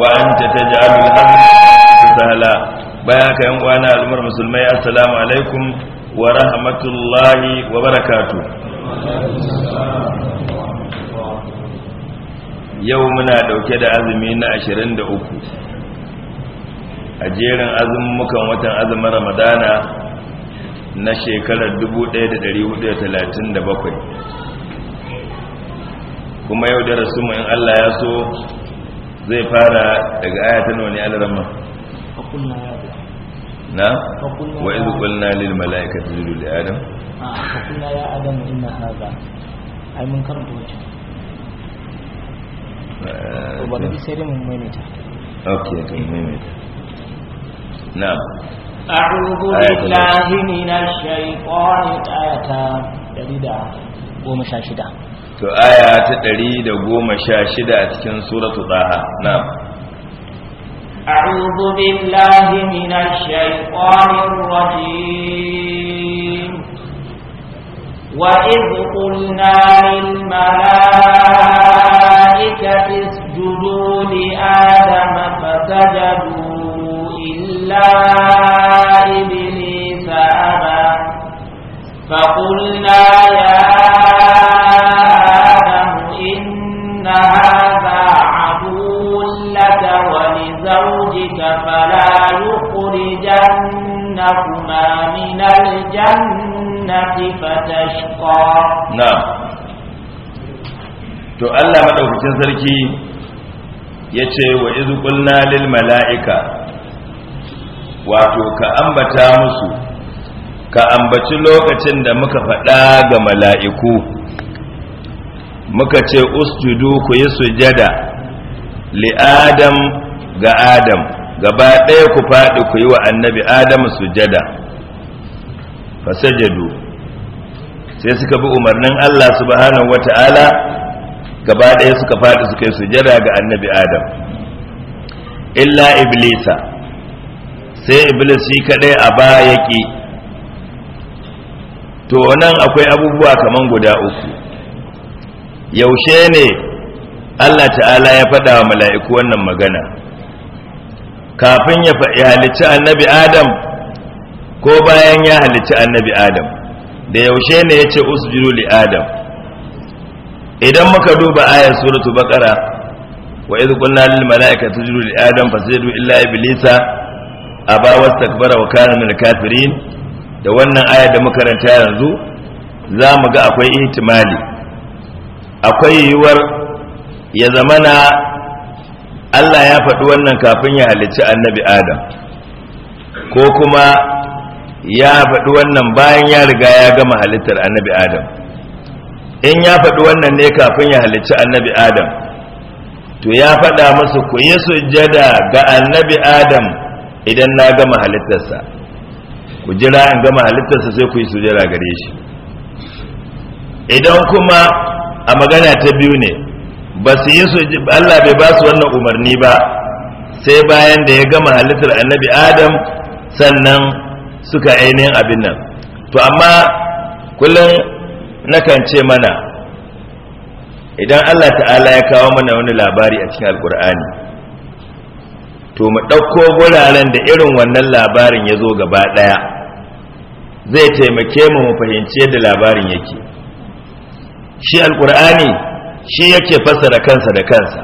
wa anta taj'alul hamda sahla bayan haka yan uwana al'ummar musulmai assalamu alaikum wa rahmatullahi wa barakatuh yau muna dauke da azumi na 23 a jerin azumukan watan azumin ramadana na shekarar 1437 kuma yau da rasu mu in Allah ya so zai fara daga ayatan wani nawa ne na wa izu kulna lil malaikati isjudu li adam a qulna ya adam inna hadha ai mun karanta wancan ba da sai dai mun ta okay to maimaita na أعوذ بالله من الشيطان الآية تريد قوم شاشدة to aya ta ɗari da goma sha shida a cikin suratu ɗaha na أعوذ بالله من الشيطان الرجيم وإذ قلنا للملائكة اسجدوا لآدم فسجدوا إلا إبليس أبى فقلنا يا to Allah madaukakin sarki ya ce wa izu qulna lil mala'ika wato ka ambata musu ka ambaci lokacin da muka faɗa ga mala'iku muka ce usjudu ku yi sujada li adam ga adam gaba ɗaya ku faɗi ku yi wa annabi adam sujada fasajadu sai suka bi umarnin Allah subhanahu wata'ala gaba ɗaya suka faɗi suka yi sujada ga annabi adam illa iblisa sai iblis shi kaɗai a baya ki to nan akwai abubuwa kaman guda uku yaushe ne allah ta'ala ya faɗa wa mala'iku wannan magana kafin ya halicci annabi adam ko bayan ya halicci annabi adam da yaushe ne ya ce usjudu adam idan muka duba ayar suratu baqara wa idh qulna lil mala'ikati isjudu li adam fasajadu illa iblisa aba wastakbara wa kana min kafirin da wannan aya da makaranta yanzu za ga akwai ihtimali akwai yiwuwar ya zamana Allah ya faɗi wannan kafin ya halicci annabi Adam ko kuma ya faɗi wannan bayan ya riga ya gama halittar annabi Adam in ya faɗi wannan ne kafin ya halicci annabi adam to ya faɗa musu ku yi sujjada ga annabi adam idan na gama halittarsa ku jira in gama halittarsa sai ku yi sujjada gare shi idan kuma a magana ta biyu ne ba su yi Allah bai ba su wannan umarni ba sai bayan da ya gama halittar annabi adam sannan suka ainihin abin nan to amma kullum nakan ce mana idan Allah ta'ala ya kawo mana wani labari a cikin alkur'ani to mu ɗauko guraren da irin wannan labarin ya zo gaba ɗaya zai taimake mu mu fahimci yadda labarin yake shi alkur'ani shi yake fassara kansa da kansa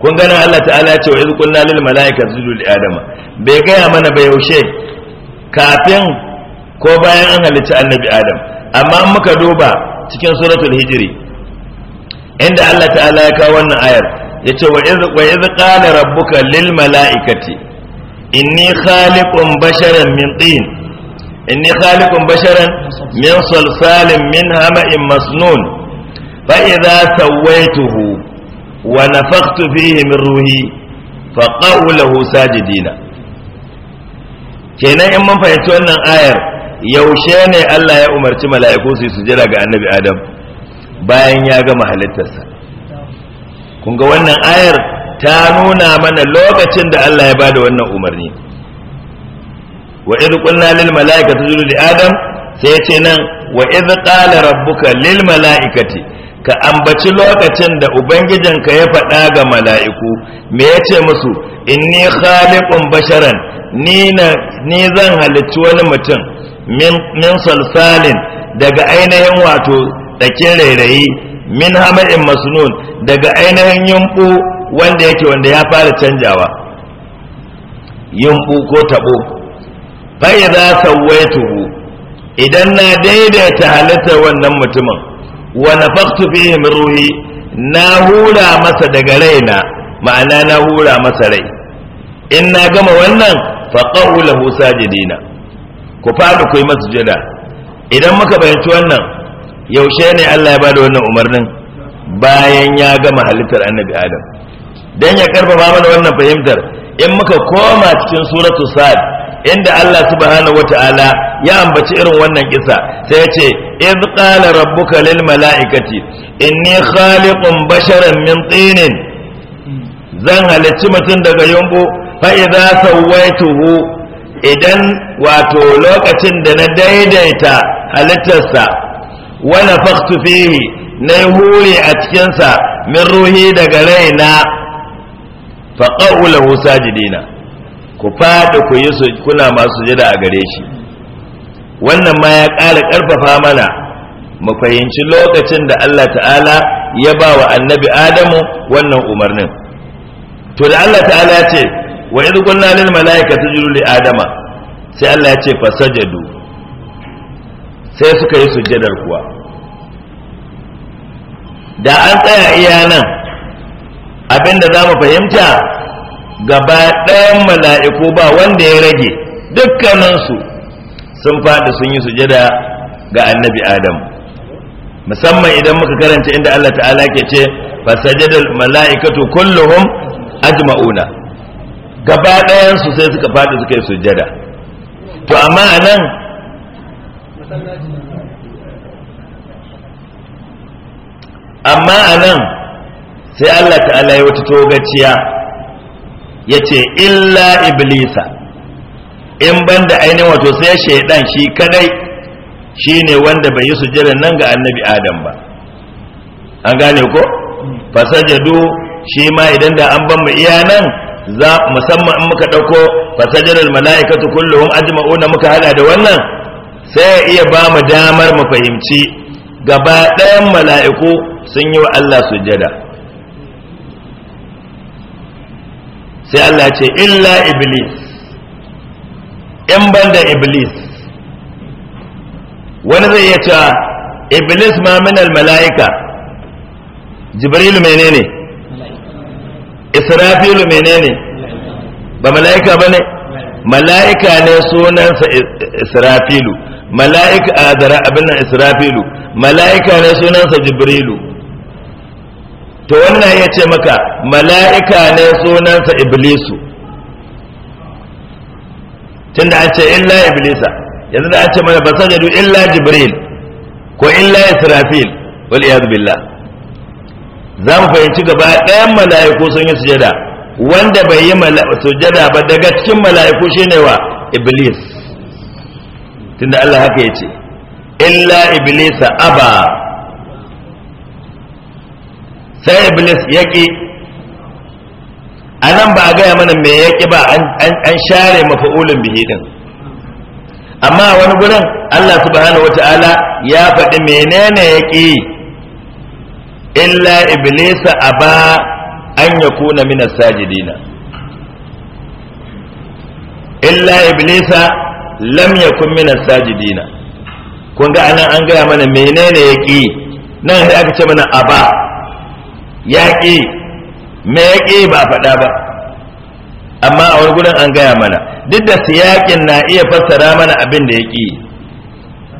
kun gana Allah ta'ala ce wa izkunna lil mala'ika sujudu li adama bai gaya mana ba yaushe kafin ko bayan an halicci annabi adam amma muka duba cikin suratul hijri inda Allah ta'ala ya kawo wannan ayar yace wa iz wa iz qala rabbuka lil mala'ikati inni khaliqun basharan min tin inni khaliqun basharan min salsalin min hama'in masnun fa idza sawaituhu wa nafakhtu fihi min ruhi fa qawluhu sajidina kenan in mun fahimci wannan ayar yaushe ne Allah ya umarci mala'iku su yi sujada ga annabi adam bayan ya gama halittarsa kun ga wannan ayar ta nuna mana lokacin da Allah ya ba da wannan umarni wa idu kunna lil mala'ikati adam sai ya ce nan wa idu ƙala rabbuka lil mala'ikati ka ambaci lokacin da ubangijinka ya faɗa ga mala'iku me ya ce musu inni khaliqun basharan ni zan halicci wani mutum min salsalin daga ainihin wato dakin rairayi min hama'in masnun daga ainihin yumbu wanda yake wanda ya fara canjawa yumbu ko tabo fa idza sawaituhu idan na daidaita halittar wannan mutumin wa nafaqtu fi min ruhi na hura masa daga raina ma'ana na hura masa rai in na gama wannan fa husa sajidina ku faɗi ku yi masjida idan muka fahimci wannan yaushe ne Allah ya bada wannan umarnin bayan ya gama halittar annabi adam dan ya karfafa mana wannan fahimtar in muka koma cikin suratu sad inda Allah subhanahu wataala ya ambaci irin wannan kisa sai ya ce in qala rabbuka lil mala'ikati inni khaliqun basharan min tinin zan halicci mutum daga yumbu fa idza sawaituhu idan wato lokacin da na daidaita halittarsa wani faktu fihi na yi huri a cikinsa min ruhi daga raina faƙa'ulahu jidina ku faɗi ku yi kuna masu jira a gare shi wannan ma ya ƙara ƙarfafa mana mu fahimci lokacin da Allah ta'ala ya ba wa annabi Adamu wannan umarnin to da Allah ta'ala ce wa idh qulna lil malaikati sujudu li adama sai Allah ya ce fasajadu sai suka yi sujjadar kuwa da an tsaya iya nan abinda za mu fahimta gaba ɗayan mala'iku ba wanda ya rage dukkaninsu sun faɗi sun yi sujada ga annabi adam musamman idan muka karanta inda Allah ta'ala ke ce fasajadar mala'ikatu kulluhum ajma'una gaba ɗayansu sai suka faɗi suka yi sujjada to amma a nan amma a nan sai Allah ta'ala ya wata togaciya ya ce illa iblisa in ban banda ainihin wato sai shaidan shi kadai shi ne wanda bai yi sujjada nan ga annabi adam ba an gane ko fasajadu shi ma idan da an ban mu iya nan za musamman in muka ɗauko fasajirar mala'ikatu kulluhum ajma'una muka hada da wannan sai ya iya ba mu damar mu fahimci gaba ɗayan mala'iku sun yi wa Allah sujjada sai Allah ce illa iblis in banda iblis wani zai iya cewa iblis ma minal mala'ika jibril menene ne israfilu menene ba mala'ika ba ne mala'ika ne sunansa israfilu mala'ika azara abin israfilu mala'ika ne sunansa jibrilu to wannan ya ce maka mala'ika ne sunansa iblisu tunda an ce illa iblisa yanzu da an ce mana ba sajadu illa jibril ko illa israfil wal iyad billah za mu fahimci gaba ɗayan mala'iku sun yi sujada wanda bai yi sujada ba daga cikin mala'iku ne wa iblis tunda Allah haka ya ce illa iblisa aba sai iblis yaƙi. a nan ba a gaya mana me yaƙi ba an share mafa'ulin bihi din amma wani gudan Allah subhanahu ta'ala ya faɗi menene yaƙi? illa iblisa aba an yakuna min as-sajidina illa iblisa lam yakun min as-sajidina kun ga anan an gaya mana menene yaki nan sai aka ce mana aba yaki me yaki ba faɗa ba amma a wani gurin an gaya mana duk da siyakin na iya fassara mana abin da yaki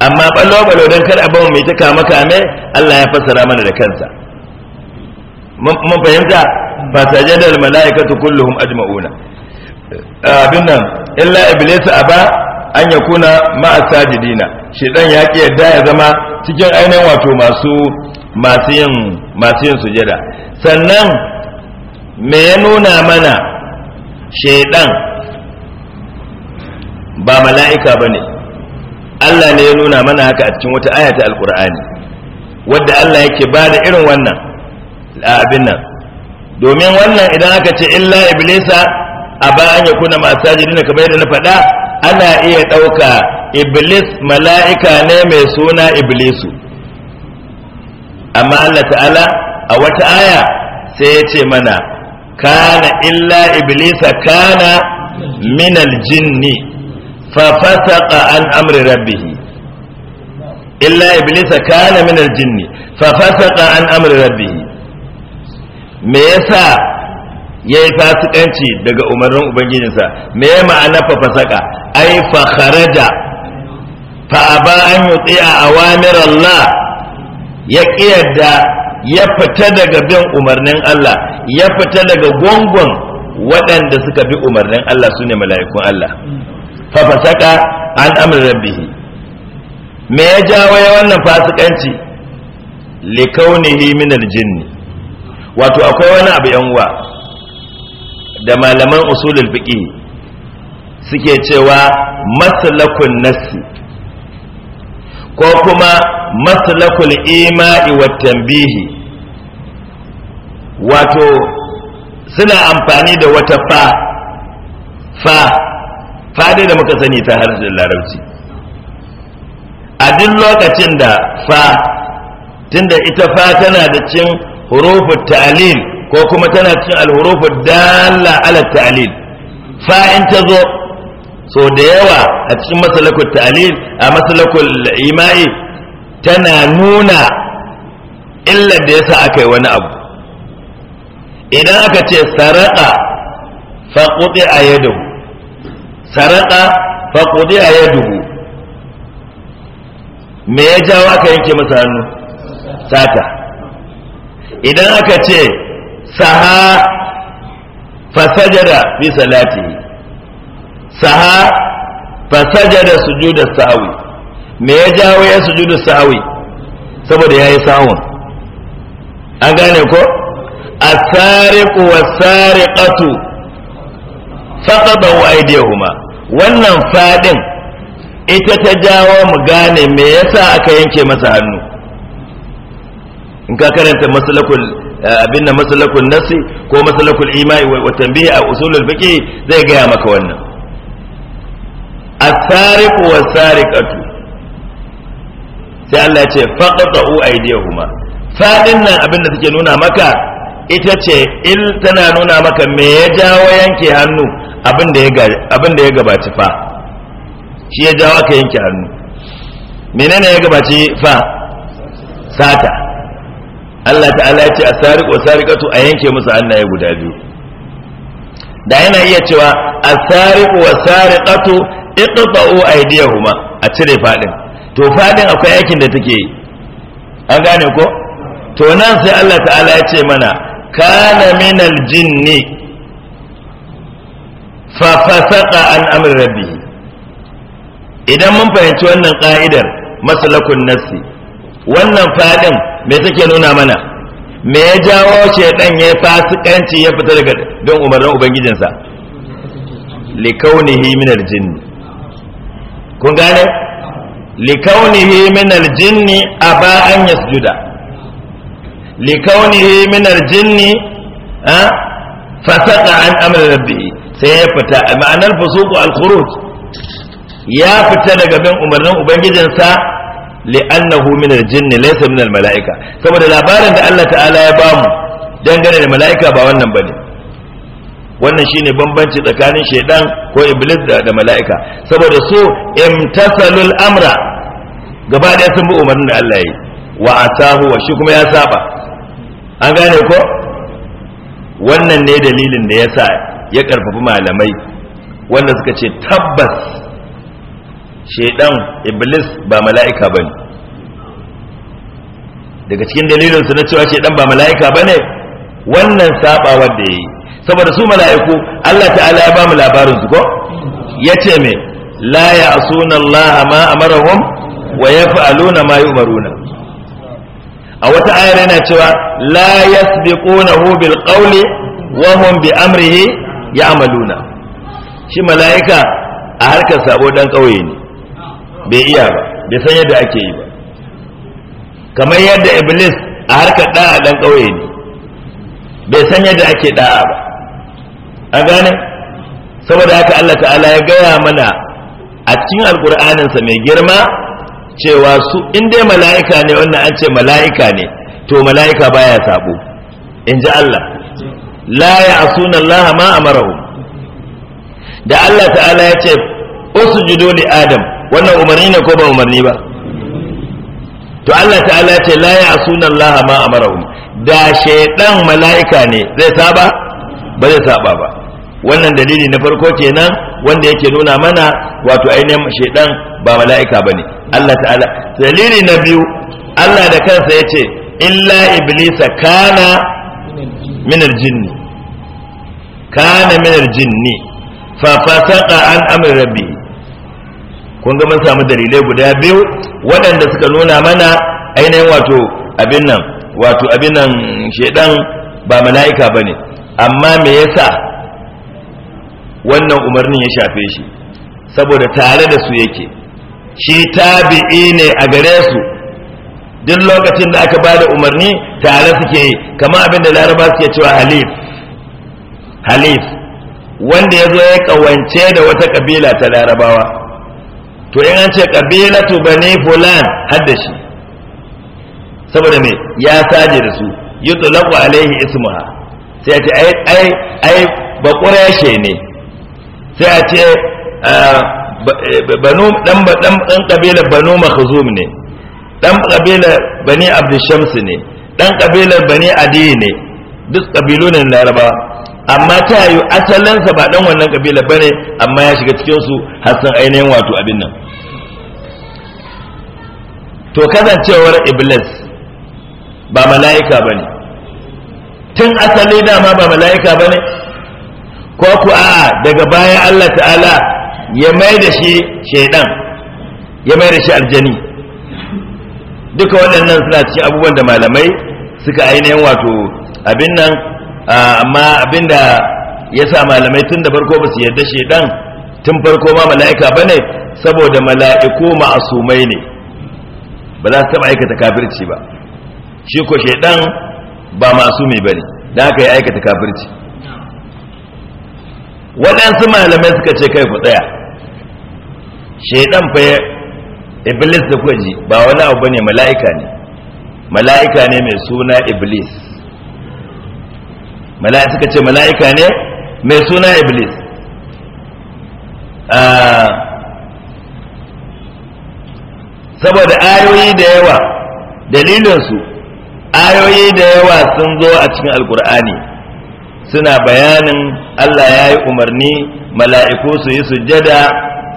amma ballo ballo dan kar abin mai ta kama kame Allah ya fassara mana da kansa mun fahimta ba ta al mala'ikatu kulluhum ajma'una eh, abin nan illa iblis aba an yakuna ma sajidina shedan ya ki yadda ya zama cikin ainihin wato masu masu yin masu yin sujada sannan me ya nuna mana shedan ba mala'ika bane Allah ne ya nuna mana haka a cikin wata aya ta alqur'ani wadda Allah yake bada irin wannan abin nan domin wannan idan aka ce illa iblisa a bayan ya kuna masajidina kamar yadda na faɗa ana iya ɗauka iblis mala'ika ne mai suna iblisu amma Allah ta'ala a wata aya sai ya ce mana kana illa iblisa kana minal jinni fa fasaqa an amri rabbihi illa iblisa kana minal jinni fa fasaqa an amri rabbihi me yasa ya yi fasikanci daga umarnin ubangijinsa me ya ma'ana fa fasaka ai fa kharaja fa aba an a awamir Allah ya kiyarda ya fita daga bin umarnin Allah ya fita daga gongon waɗanda suka bi umarnin Allah sune mala'ikun Allah fa fasaka an amr rabbihi me ya jawo wannan fasikanci likaunihi min aljinni wato akwai wani abu yan uwa da malaman usulul fiqi suke cewa maslakun nassi ko kuma maslakul ima'i wa tambihi wato suna amfani da wata fa fa fa da muka sani ta harshen larabci a duk lokacin da fa tunda ita fa tana da cin hurufut ta'lil ko kuma tana cikin alhurufut dalla ala ta'lil fa in ta zo so da yawa a cikin masalakul ta'lil a masalakul ima'i tana nuna illar da yasa aka yi wani abu idan aka ce saraka fa qudi ayaduhu saraka fa qudi ayaduhu me ya jawo aka yanke masa hannu sata idan aka ce saha fasajada fi salati saha fasajada sujuda sahwi me ya jawo ya sujudu sahwi saboda yayi sahun an gane ko as-sariqu was-sariqatu faqadu aydihuma wannan fadin ita ta jawo mu gane me yasa aka yanke masa hannu in ka karanta masalakul eh, abin da masalakul nasi ko masalakul imai wa tambihi a usulul fiqh zai gaya maka wannan as wa sariqatu sai Allah ya ce faqta'u aydiyahuma fadin nan abin da take nuna maka ita ce il tana nuna maka me ya jawo yanke hannu abin da ya abin da ya gabaci fa shi ya jawo ka yanke hannu menene ya gabaci fa sata Allah ta'ala ya ce a sariƙo wa Sariƙatu a yanke musu hannaye guda biyu da yana iya cewa a sariƙo wa sariƙatu iqta'u aydiyahuma a cire fadin to fadin akwai aikin da take yi an gane ko to nan sai Allah ta'ala ya ce mana kana minal jinni fa fasaqa an amri rabbih idan mun fahimci wannan ka'idar masalakun nasi. wannan fadin me take nuna mana me ya jawo shaidan ya fasikanci ya fita daga don umarnin ubangijinsa likaunihi min aljinn kun gane likaunihi min aljinn aba an yasjuda likaunihi min aljinn ha fasaqa an amri rabbi sai ya fita ma'anar fusuqu al-khuruj ya fita daga bin umarnin ubangijinsa li'annahu من الجن ليس من min al-mala'ika saboda labarin da Allah ta'ala ya bamu dangane da mala'ika ba wannan bane wannan shine bambanci tsakanin shaidan ko iblis da, mala'ika saboda su imtasalul amra gaba ɗaya sun bi umarnin da Allah yi wa atahu wa shi kuma ya saba an gane ko wannan ne dalilin da yasa ya karfafi malamai wanda suka ce tabbas shaidan iblis ba mala'ika bane daga cikin dalilinsu na cewa shaidan ba mala'ika bane wannan sabawar ya yi. saboda su mala'iku Allah ta'ala ya ba mu labarin su ko yace me la ya ya'suna Allah ma amarahum wa yaf'aluna ma yu'maruna a wata ayar yana cewa la yasbiqunahu bil qawli wa hum bi amrihi amaluna shi mala'ika a harkar sabo dan ƙauye ne bai iya ba bai san yadda ake yi ba kamar yadda iblis a harkar da'a dan ƙauye ne bai san yadda ake da'a ba a gane saboda haka Allah ta'ala ya gaya mana a cikin alkur'aninsa mai girma cewa su in mala'ika ne wannan an ce mala'ika ne to mala'ika baya sabo in ji Allah la ya asuna Allah ma amarahu da Allah ta'ala ya ce usjudu li adam wannan umarni ne ko ba umarni ba to Allah ta'ala ce la ya sunan Allah ma amarahum da shaidan mala'ika ne zai saba ba zai saba ba wannan dalili na farko kenan wanda yake nuna mana wato ainihin shaidan ba mala'ika bane Allah ta'ala dalili na biyu Allah da kansa ya ce illa iblisa kana minar jinni kana min jinni fa fasaqa an amri rabbi kun ga mun samu dalilai guda biyu waɗanda suka nuna mana ainihin wato abin nan wato abin nan shedan ba mala'ika bane amma me yasa wannan umarnin ya shafe shi saboda tare da su yake shi tabi'i ne a gare su duk lokacin da aka bada umarni tare suke yi kamar abin da laraba suke cewa halif halif wanda ya zo ya kawance da wata kabila ta larabawa to in an ce kabilatu bane fulan hadda shi saboda me ya saje da su yutlaqu alaihi ismuha sai a ce ai ai ai ba ƙurashe ne sai a ce banu dan dan dan kabila banu makhzum ne dan kabila bani abd shams ne dan kabila bani adi ne duk kabilu ne laraba amma ta yi asalinsa ba dan wannan kabila bane amma ya shiga cikin su har ainihin wato abin nan to kasancewar iblis ba mala'ika ba tun asali dama ba mala'ika ba ko ku a daga baya Allah ta'ala ya mai da shi shaidan ya mai da shi aljani duka waɗannan suna cikin abubuwan da malamai suka ainihin wato abin nan amma abin da ya sa malamai tun da farko ba su yarda shaidan tun farko ma mala'ika ba ne saboda mala'iku ma'asumai ne ba za su taɓa aikata kafirci ba shi ko shaidan ba masu mai bane da haka ya aikata kafirci waɗansu malamai suka ce kai ku tsaya shaidan fa iblis da kuwa ji ba wani abu bane mala'ika ne mala'ika ne mai suna iblis mala'ika suka ce mala'ika ne mai suna iblis ah, saboda ayoyi da yawa dalilinsu ayoyi da yawa sun zo a cikin alkur'ani suna bayanin allah ya yi umarni mala'iku su yi sujada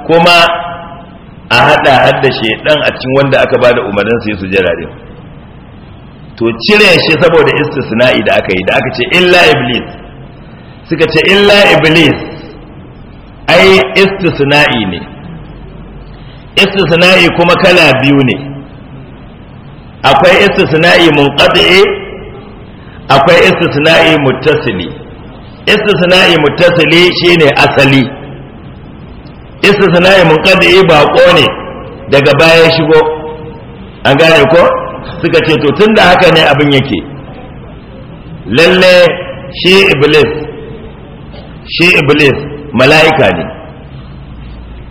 kuma a haɗa hadda shaidan a cikin wanda aka ba da umarnin su yi sujjada din to cire shi saboda istisna'i da aka yi da aka ce illa iblis suka ce illa iblis ai istisna'i ne istisna'i kuma kala biyu ne akwai istisna'i munqati'i akwai istisna'i muttasili istisna'i muttasili shine asali istisna'i munqati bako ne daga baya shigo an gane ko suka ce to tunda haka ne abin yake lalle shi iblis shi iblis mala'ika ne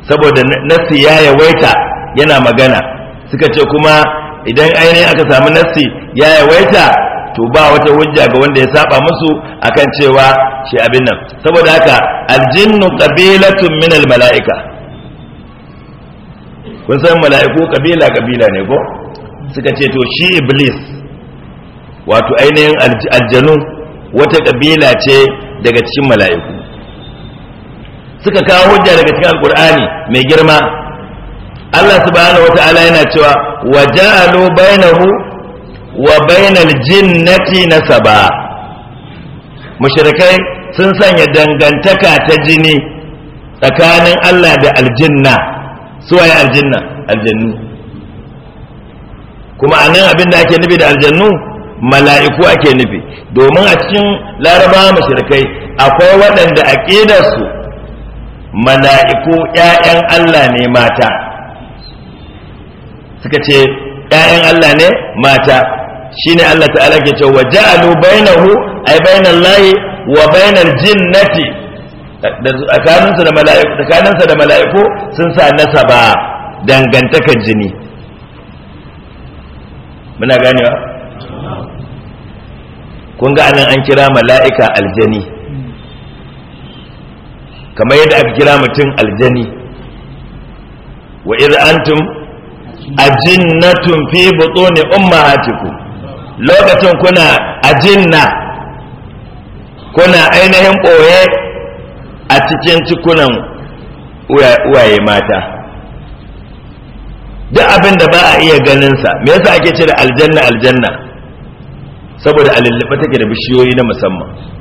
saboda nassi ya yawaita yana magana suka ce kuma idan ainihin aka samu nassi ya yawaita to ba wata hujja ga wanda ya saba musu akan cewa shi abin nan saboda haka aljinnu qabilatun min almalaika kun san mala'iku kabila kabila ne ko suka ce to shi iblis wato ainihin aljanu wata kabila ce daga cikin mala'iku suka kawo hujja daga cikin alkur'ani mai girma Allah subhanahu wata'ala yana cewa wa ja'alu bainahu wa bainal jinnati nasaba mushrikai sun sanya dangantaka ta jini tsakanin Allah da aljinna suwaye aljinna aljannu kuma anan abin da ake nufi da aljannu mala'iku ake nufi domin a cikin larabawa mushrikai akwai waɗanda aƙidarsu su mala'iku ‘ya'yan Allah ne mata suka ce ‘ya'yan Allah ne mata shi ne Allah ta'ala ke ce wa ja'alu bainahu ai bainan layi wa bainar jinnati tsakaninsa da mala'iku sun sa nasaba dangantakar jini muna ganewa kun ga anan an kira mala'ika aljani kamar yadda aka kira mutum aljani wa iz antum ajinnatun fi butuni ummahatikum lokacin kuna ajinna kuna ainihin boye a cikin cikunan uwaye mata duk abin da ba a iya ganinsa me yasa ake cire aljanna aljanna saboda a lullufe take da bishiyoyi na musamman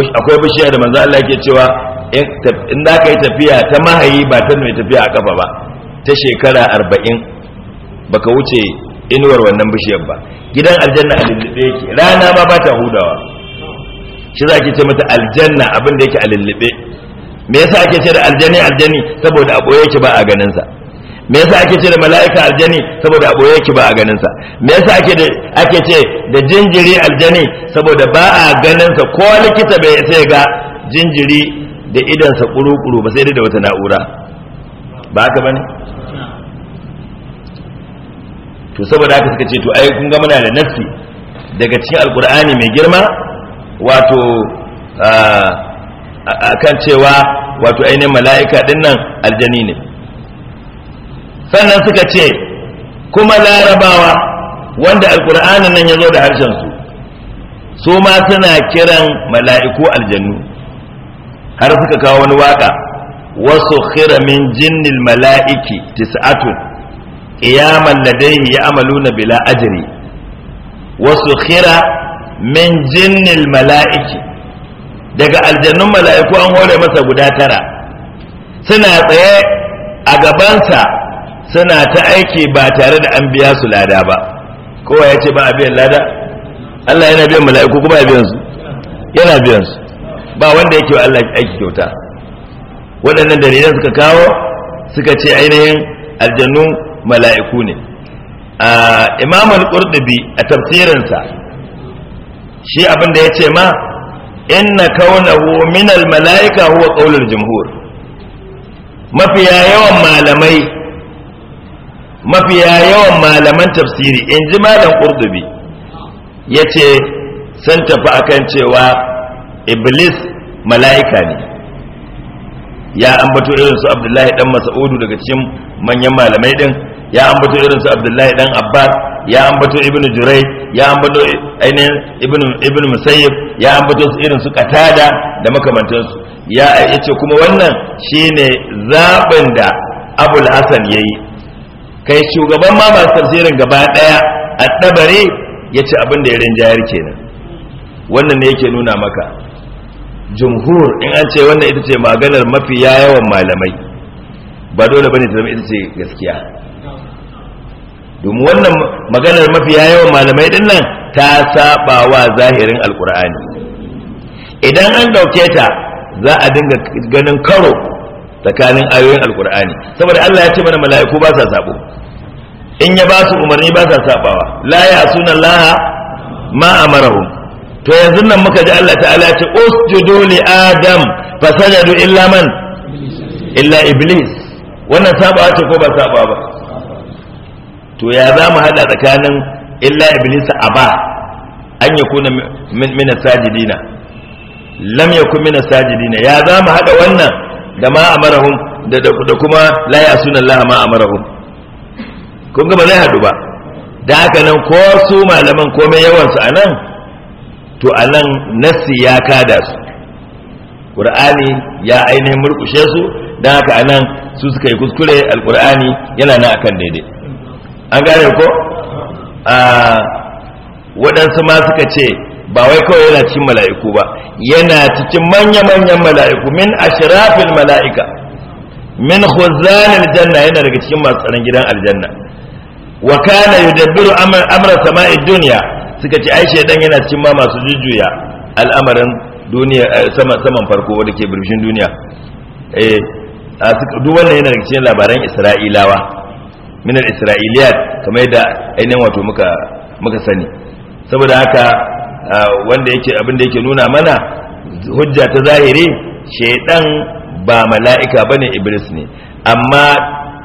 akwai bishiya da manzo Allah yake cewa in da ka yi tafiya ta mahayi ba ta mai tafiya a kafa ba ta shekara arba'in baka wuce inuwar wannan bishiyar ba gidan aljanna a lullube yake rana ma ba ta hudawa shi za ki ce mata aljanna abin da yake a lullube me yasa ake ce da aljanni aljanni saboda a ɓoye ba a ganin sa me yasa ake ce da mala'ika aljani saboda a boye ki ba a ganin sa me yasa ake ce da jinjiri aljani saboda ba a ganin sa ko likita bai sai ga jinjiri da idan sa kuru-kuru ba sai da wata na'ura ba haka bane to saboda haka suka ce to ai kun ga muna da nassi daga cikin alkur'ani mai girma wato ah, a kan cewa wato ainihin mala'ika dinnan aljani ne sannan suka ce kuma larabawa wanda alkur'anin nan ya zo da harshen su su ma suna kiran mala'iku aljannu har suka kawo wani waka wasu min jinnil mala'iki tis'atun qiyaman ladaihi ya'maluna bila ajri wasu khira min jinnil mala'iki daga aljannun mala'iku an hore masa guda tara suna tsaye a gabansa suna ta aiki ba tare da an biya su lada ba kowa ya ce ba a biyan lada Allah yana biyan mala'iku kuma ya biyan su yana biyan su ba wanda yake wa Allah aiki kyauta waɗannan dalilan suka kawo suka ce ainihin aljannu mala'iku ne imam al-qurtubi a tafsirinsa shi abin da ya ce ma inna kaunahu min al-mala'ika huwa qaulul jumhur mafiya yawan malamai mafiya yawan malaman tafsiri in ji malam ƙurdubi ya ce sun tafi akan cewa iblis mala'ika ne ya ambato irin su abdullahi dan masa'udu daga cikin manyan malamai din ya ambato irin su abdullahi dan abbas ya ambato ibnu jurai ya ambato ainihin ibnu ibnu musayyib ya ambato irin su katada da makamantansu ya ce kuma wannan shine zaɓin da abul hasan yayi kai shugaban ma masu tafsirin gaba daya a dabare ya ci abin da ya rinjayar kenan wannan ne yake nuna maka jumhur in an ce wannan ita ce maganar mafi yawan malamai ba dole bane ta zama ita ce gaskiya domin wannan maganar mafi yawan malamai din nan ta saba wa zahirin alkur'ani idan an dauke ta za a dinga ganin karo tsakanin ayoyin alkur'ani saboda Allah ya ce mana mala'iku ba sa sabo in ya ba su umarni ba sa sabawa la ya sunan laha ma amarahum to yanzu nan muka ji Allah ta'ala ya ce usjudu li adam fasajadu illa man illa iblis wannan sabawa ce ko ba sabawa ba to ya za mu hada tsakanin illa iblis a ba an kuna min sajidina lam yakun min sajidina ya za mu hada wannan da ma amarahum da kuma la yasuna Allah ma amarahum kun ga ba zai hadu ba da haka nan ko su malaman komai yawan su anan to anan nassi ya kada su qur'ani ya ainihin murkushe su dan haka anan su suka yi kuskure alqur'ani yana na akan daidai an gane ko a ah, waɗansu ma suka ce ba wai kawai yana cikin mala'iku ba yana cikin manya-manyan mala'iku min ashrafil mala'ika min huzan janna yana daga cikin masu tsaron gidan aljanna wa kana yudabbiru amra sama'i dunya suka ce aishe dan yana cikin ma masu jujjuya al'amarin duniya eh, sama saman farko wanda ke birshin duniya eh duk wannan yana daga cikin labaran isra'ilawa min al-isra'iliyat kamar yadda ainihin wato muka muka sani saboda haka wanda yake abin da yake nuna mana hujja ta zahiri shaidan ba mala'ika bane iblis ne amma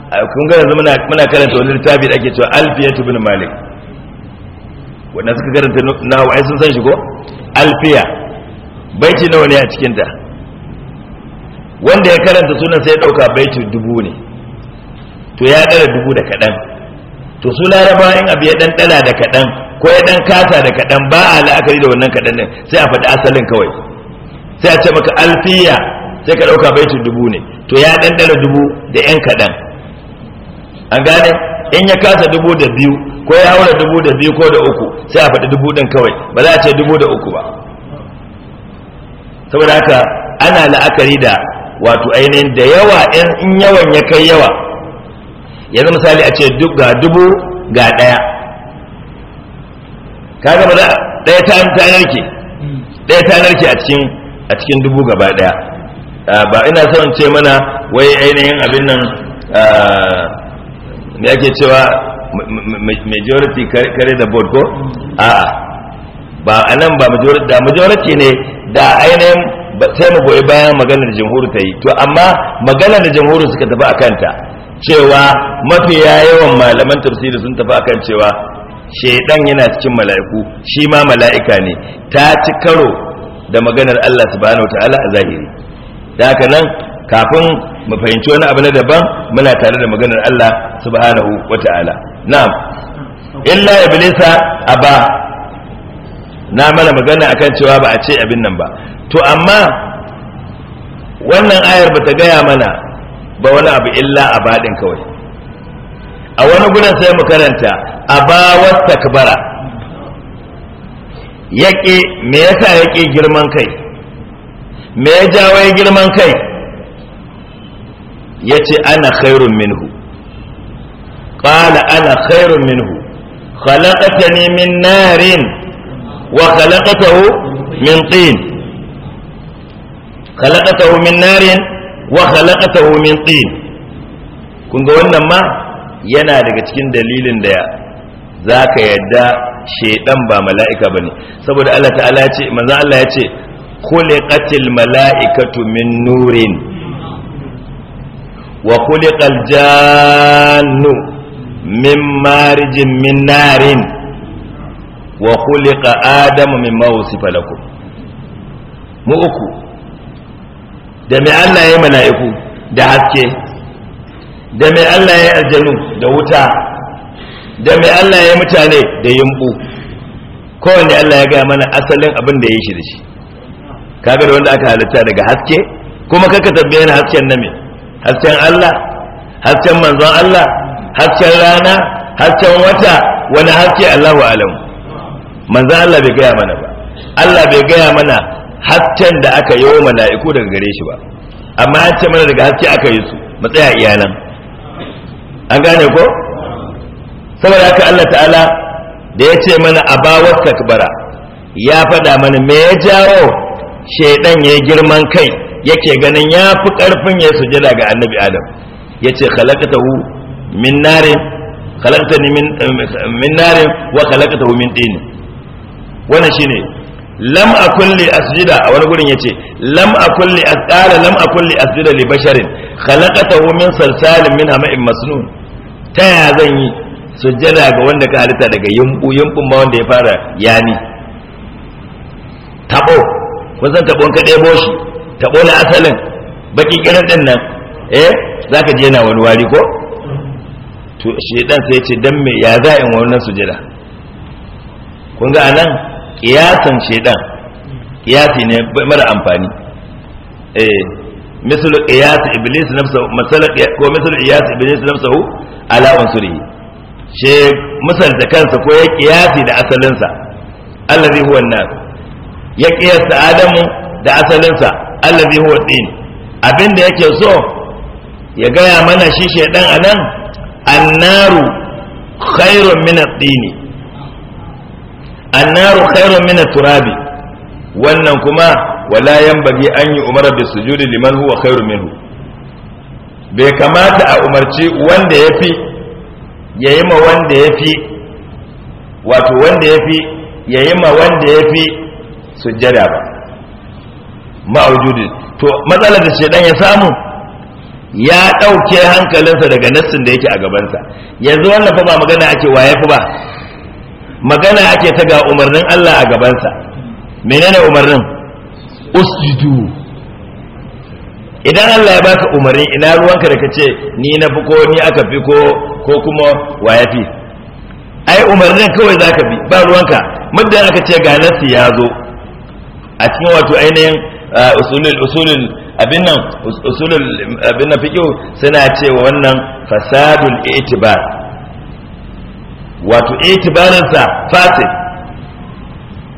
kun ga yanzu muna muna karanta wani littafi da ake cewa alfiya ibn malik wannan suka karanta na wai sun san shi ko alfiya baiti nawa ne a cikin ta wanda ya karanta sunan sai ya dauka baiti dubu ne to ya dara dubu da kadan to su laraba in abu ya dan dala da kadan ko ya dan kasa da kaɗan ba a la'akari da wannan kadan din sai a faɗi asalin kawai sai a ce maka alfiya sai ka ɗauka baitin dubu ne to ya ɗan ɗara dubu da ƴan kaɗan an gane in ya kasa dubu da biyu ko ya haura dubu da biyu ko da uku sai a faɗi dubu ɗin kawai ba za a ce dubu da uku ba saboda haka ana la'akari da wato ainihin da yawa in yawan ya kai yawa yanzu misali a ce ga dubu ga ɗaya kaga ba ɗaya ta ta narke hmm. ɗaya ta narke a cikin a cikin dubu gaba ɗaya ba ina son ce mana wai ainihin abin nan me ake cewa majority kare da board ko hmm. a'a ba a nan ba majority da majority ne da ainihin sai mu goyi bayan maganar jamhuri ta yi to amma maganar da jamhuri suka tafi a kanta cewa mafiya yawan malaman tafsiri sun tafi akan cewa shaidan yana cikin mala'iku shi ma mala'ika ne ta ci karo da maganar Allah subhanahu ta'ala a zahiri da haka nan kafin mu fahimci wani abu na daban muna tare da maganar Allah subhanahu ta'ala. na'am illa iblisa aba na mana magana akan cewa ba a ce abin nan ba to amma wannan ayar ba ta gaya mana ba wani abu illa a abadin kawai a wani gudun sai mu karanta abawat takbara yaƙi me yasa yaƙi girman kai me ya jawo ya girman kai ya ce ana khairun minhu ƙala ana khairun minhu khalaqatani min narin wa khalaqatahu min tin khalaqatahu min narin wa khalaqatahu min tin kun ga wannan ma yana daga cikin dalilin da za ka yadda shaidan ba mala'ika ba ne saboda Allah ta'ala ya ce manzo Allah ya ce khuliqatil mala'ikatu min nurin wa khuliqal jannu min marijin min narin wa khuliqa adamu min mawusi falaku. mu uku da mai Allah ya yi mala'iku da haske da mai Allah ya aljanu da wuta da mai Allah ya mutane da yimbu kowane Allah ya gaya mana asalin abin da ya shi da shi kaga da wanda aka halitta daga haske kuma kaka tabbaye na hasken na me hasken Allah hasken manzon Allah hasken rana hasken wata wani haske Allahu alam manzon Allah bai gaya mana ba Allah bai gaya mana hasken da aka yi wa mala'iku daga gare shi ba amma hasken mana daga haske aka yi su matsaya iyalan an gane ko saboda haka Allah ta'ala da ya ce mana abawar takbara ya faɗa mana me ya jawo shaidan ya girman kai yake ganin ya fi ƙarfin ya sujada ga annabi adam ya ce khalaqtahu min narin min narin wa khalaqtahu min tin wannan shine lam a li asjida a wani gurin yace lam akun li qala lam a li asjida li basharin khalaqatahu min salsalin min hama'in masnun ta ya zan yi sujjada ga wanda ka halitta daga yumbu yumbun ma wanda ya fara yani tabo kun san tabon ka ɗebo shi tabo na asalin baki kiran din nan eh zaka je na wani wari ko to shedan sai ya ce dan me ya za in wannan sujjada kun ga anan kiyasan shedan kiyasi ne mara amfani eh misal qiyas iblis nafsahu misal ko misal qiyas iblis nafsahu ala unsuri she da kansa ko ya kiyasi da asalinsa allazi huwa an-nas ya kiyasta adamu da asalinsa allazi huwa din abinda yake so ya gaya mana shi shedan anan annaru khairun min ad-dini annaru khairun min turabi wannan kuma wala yanbaghi an yi umara bi sujudi liman huwa khairun minhu bai kamata a umarci wanda yafi yayi ma wanda yafi wato wanda yafi yayi ma wanda yafi sujjada ba ma'ujudi to matsalar da shedan ya samu ya ɗauke hankalinsa daga nassin da yake a gabansa yanzu wannan fa ba magana ake wa yafi ba magana ake ta ga umarnin Allah a gabansa menene umarnin usjudu idan Allah ya baka umarni ina ruwanka da kace ni na fi ko ni aka fi ko kuma wa ya fi ai umarnin kawai zaka bi ba ruwanka muddin aka ce ga nasi ya zo a cikin wato ainihin usulul usulul abin nan usulul abin nan fiqh suna cewa wannan fasadul i'tibar wato itibarinsa fasid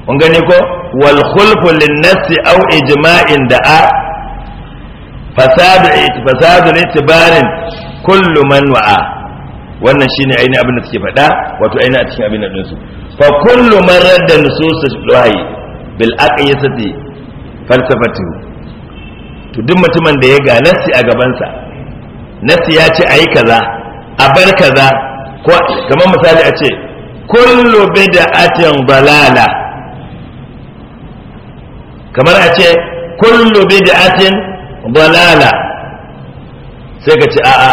kun gani ko wal khulfu lin nafsi aw ijma'in da a fasad fasadul itibarin kullu man wa'a wannan shine aini abin da suke faɗa wato aini a cikin abin da su fa kullu man radda nusus al-wahyi bil aqiyati falsafati to duk mutumin da ya ga nafsi a gaban sa nafsi ya ce ayi kaza a bar kaza ko kamar misali a ce kullu bid'atin dalala kamar a ce kullu bid'atin dalala sai ka ce a'a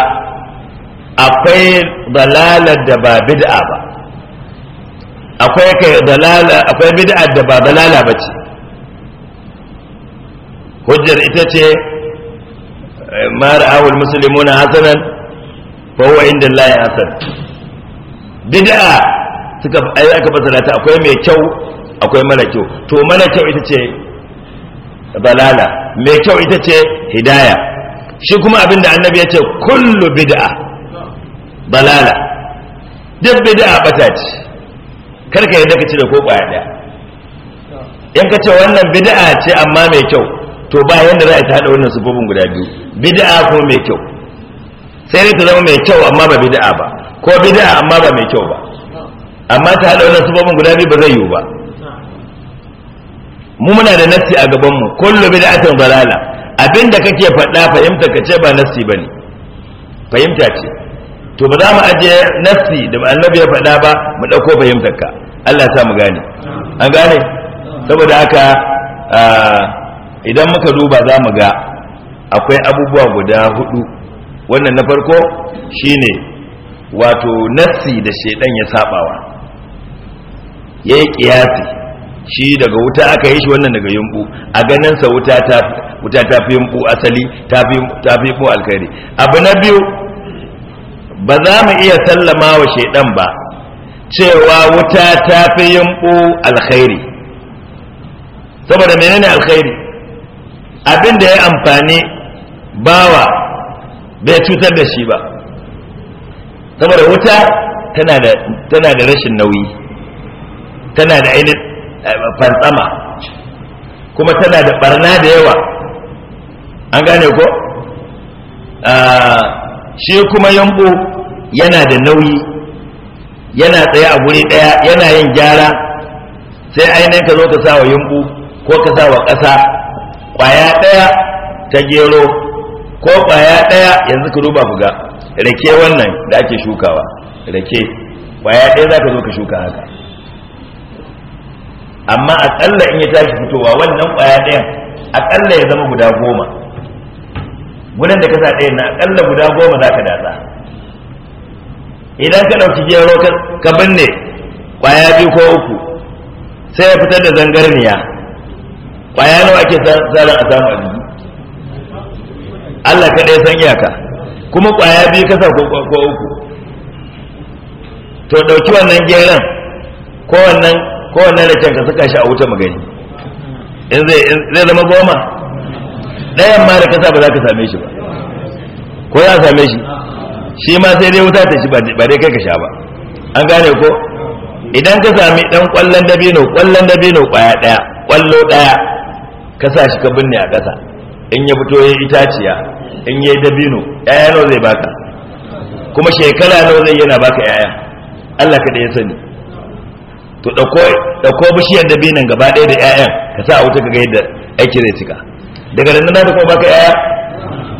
akwai dalala da ba bid'a ba akwai kai dalala akwai bid'a da ba dalala ce hujjar ita ce ma ra'awul muslimuna hasanan fa huwa inda Allah hasan bid'a suka ai aka fasara ta akwai mai kyau akwai mara kyau to mara kyau ita ce balala mai kyau ita ce hidaya shi kuma abin da annabi ya ce kullu bid'a balala duk bid'a bata ce karka yadda ka da ko kwaya ɗaya. in ka ce wannan bid'a ce amma mai kyau to ba yanda za a ta hada wannan sufofin guda biyu bid'a ko mai kyau sai ne ta zama mai kyau amma ba bid'a ba ko bid'a amma ba mai kyau ba amma ta hada wannan sababin guda biyu ba zai yiwu ba mu muna da nassi a gaban mu kullu bid'atin dalala abinda kake faɗa fahimta kace ba nassi bane fahimta ce to ba za mu aje nassi da annabi ya faɗa ba mu ɗauko fahimtar ka Allah ya sa mu gane an gane saboda haka idan muka duba za mu ga akwai abubuwa guda hudu wannan na farko shine wato nassi da shedan ya sabawa yi kiyasi shi daga wuta aka yi shi wannan daga yumbu a ganin sa wuta ta fi yumbu asali ta fi yumbu alkhairi abu na biyu ba za mu iya sallama wa shedan ba cewa wuta ta fi yumbu alkhairi saboda menene alkhairi abin da ya amfani bawa bai cutar da shi ba saboda wuta tana da rashin nauyi tana da ainihin eh, fantsama kuma tana da barna da yawa an gane ko ah, shi kuma yambo yana da nauyi yana tsaye a guri daya yana yin gyara sai ainihin ka zo ka sa wa yambo ko ka sa wa ƙasa ƙwaya ɗaya ta gero ko ƙwaya ɗaya yanzu ka duba buga. rake wannan da ake shukawa rake kwaya ɗaya za ka zo ka shuka haka amma a tsalla in ya tashi fitowa wannan kwaya ɗayan tsalla ya zama guda goma gudan da ka sa ɗayan na tsalla guda goma za ka datsa idan ka ɗauki gero ka binne kwaya biyu ko uku sai ya fitar da zangarniya kwaya nawa ake tsarin a samu a jiki Allah kaɗai san iyaka kuma kwaya biyu kasa ko uku to ɗauki wannan geran ko wannan ko wannan ka saka shi a wuta magani in zai zama goma ɗayan ma da kasa ba za ka same shi ba ko za same shi shi ma sai dai wuta ta shi ba dai kai ka sha ba an gane ko idan ka sami dan kwallon dabino kwallon dabino kwaya daya kwallo daya ka sa shi ka binne a ƙasa in ya fito ya itaciya in ya dabino yaya nawa zai baka kuma shekara nawa zai yana baka yaya Allah ka da ya sani to dauko dauko bishiyar da binin gaba ɗaya da yayan ka sa a wuta ka ga yadda aiki zai cika daga nan na ta kuma baka yaya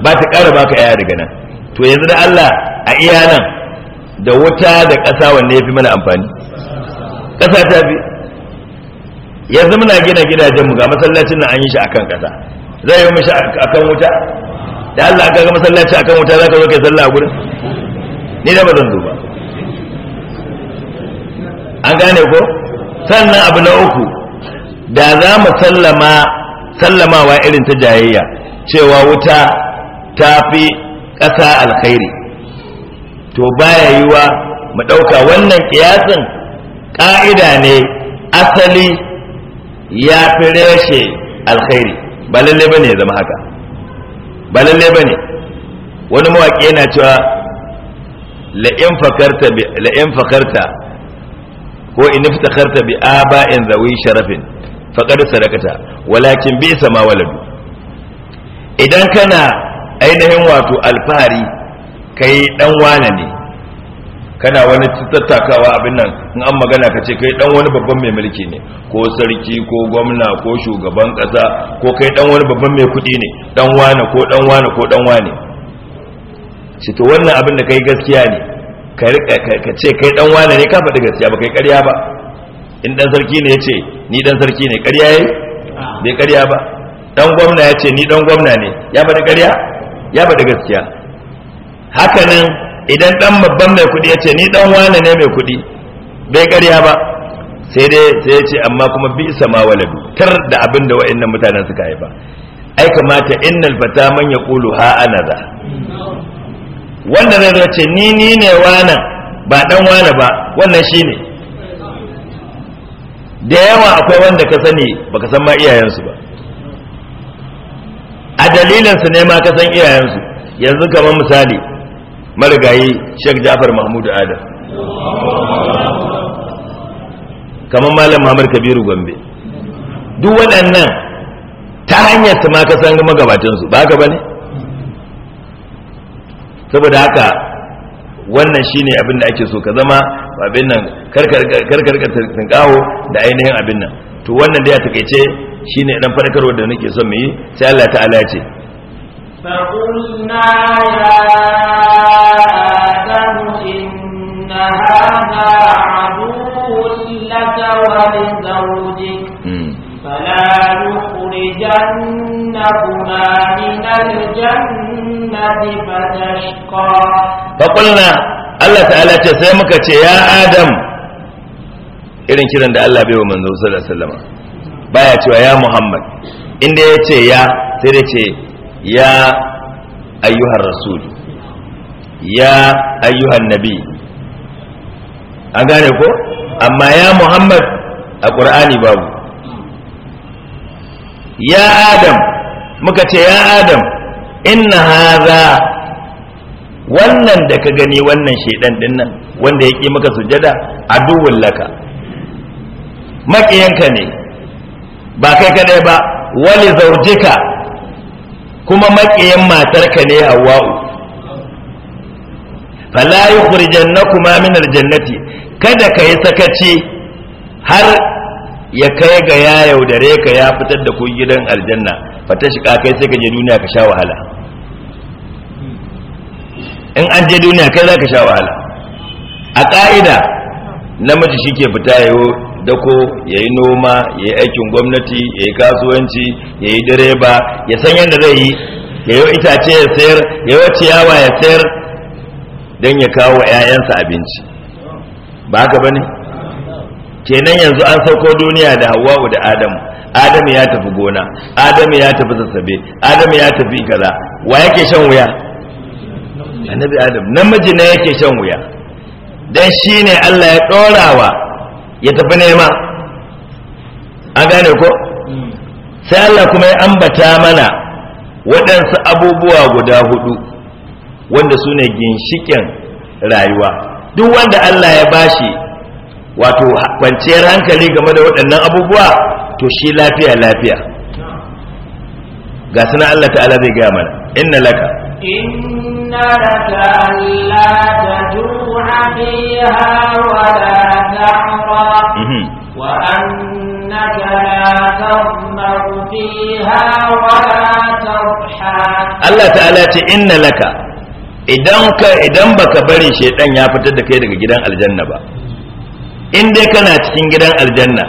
ba ta ƙara baka yaya daga nan to yanzu da Allah a iya nan da wuta da ƙasa wanne ya mana amfani ƙasa ta fi yanzu muna gina gidajenmu ga masallacin nan an yi shi akan ƙasa zai yi mishi akan wuta da Allah ka ga masallaci akan wuta za ka zo kai sallah gurin ni da ba zan duba an gane ko sannan abu na uku da za mu sallama sallamawa irin ta jayayya cewa wuta ta fi ƙasa alkhairi to baya yiwa mu ɗauka wannan ƙiyasin ƙa'ida ne asali ya fi reshe alkhairi ba lalle ba ne zama haka ba lalle bane wani mawaki yana cewa la'in fakarta la'in fakarta ko in iftakharta bi aba'in zawi sharafin faqad sadaqata walakin bi sama waladu idan kana ainihin wato alfahari kai dan wane ne kana wani tattakawa abin nan in an magana ka ce kai dan wani babban mai mulki ne ko sarki ko gwamna ko shugaban kasa ko kai dan wani babban mai kudi ne dan wane ko dan wane ko dan wane shi to wannan abin da kai gaskiya ne ka ka ce kai dan wane ne ka faɗi gaskiya ba kai ƙarya ba in dan sarki ne ya ce ni dan sarki ne ƙarya yayi bai ƙarya ba dan gwamna ya ce ni dan gwamna ne ya faɗi ƙarya ya faɗi gaskiya Hakanan. idan dan babban mai kuɗi ya ce ni dan wane ne mai kuɗi bai ƙarya ba sai dai sai ya ce amma kuma bi isa ma waladu tar da abin da wa'annan mutanen suka haifa ai kamata innal fata man yaqulu ha anaza za wanda zai ce ni ni ne wana ba dan wane ba wannan shine da yawa akwai wanda ka sani baka san ma iyayensu ba a dalilinsu ne ma ka san iyayensu yanzu kamar misali marigayi Sheikh Jafar Mahmudu Adam kamar Malam Muhammad Kabiru Gombe duk waɗannan ta hanyar ta ma ka san magabatansu ba ba bane saboda haka wannan shine abin da ake so ka zama abin nan karkarkar tunkawo da ainihin abin nan to wannan da ya takaice shine dan farkarwa da nake son mu sai Allah ta'ala ce فقلنا هذا عدو لك ولزوجك فلا يخرجنكما من الجنة فتشقى فقلنا الله تعالى تسامك يا آدم irin kiran da Allah bai wa manzo sallallahu alaihi wasallam baya cewa ya Muhammad inda ya ce ya sai da ce ya ayyuhar rasul ya ayyuhan nabi an gane ko amma ya muhammad a ƙur'ani babu ya adam muka ce ya adam inna haza wannan da ka gani wannan shaidan din nan wanda ya ƙi maka sujada aduwwun laka maƙiyanka ne ba kai kaɗai ba wali zaujika kuma maƙiyan matarka ne hawa'u fala kuma min jannati. kada kai sakaci har ya kai ga ya yaudare ka ya fitar da ku gidan aljanna fata shi kai sai ka je duniya ka sha wahala in an je duniya kai za ka sha wahala a ka'ida namiji shi ke fita yayo dako ya yi noma ya yi aikin gwamnati ya yi kasuwanci ya yi direba ya san yadda zai yi ya yi itace ya sayar ya yi ciyawa ya sayar don ya kawo wa 'ya'yansa abinci ba haka ba ne kenan yanzu an sauko duniya da hawa'u da adamu adamu ya tafi gona adamu ya tafi sassabe adamu ya tafi kaza wa yake shan wuya annabi adam namiji ne yake shan wuya dan shi ne allah ya ɗorawa ya tafi nema an gane ko sai allah kuma ya ambata mana waɗansu abubuwa guda hudu wanda su ne ginshiken rayuwa duk wanda Allah ya bashi wato kwanciyar hankali game da waɗannan abubuwa to shi lafiya lafiya ga suna Allah ta'ala zai gaya mana inna laka inna laka alla taju'a wa la tahra mhm. wa annaka la tadma'u fiha wa la tarha Allah ta'ala ce inna laka idan ka idan baka bari shaidan ya fitar da kai daga gidan aljanna ba in dai kana cikin gidan aljanna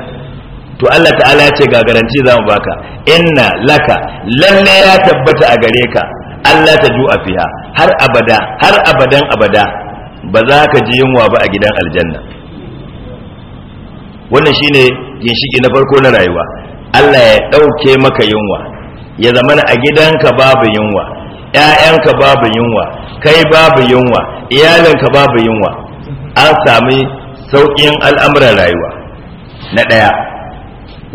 to Allah ta'ala ya ce ga garanti zamu baka inna laka lalle ya tabbata a gare ka Allah ta ju'a fiha har abada har abadan abada ba za ka ji yunwa ba a gidan aljanna wannan shine ginshiki na farko na rayuwa Allah ya ɗauke maka yunwa ya zamana a gidanka babu yunwa 'ya'yanka babu yunwa kai babu yunwa iyalinka babu yunwa an sami sauƙin al'amuran rayuwa na ɗaya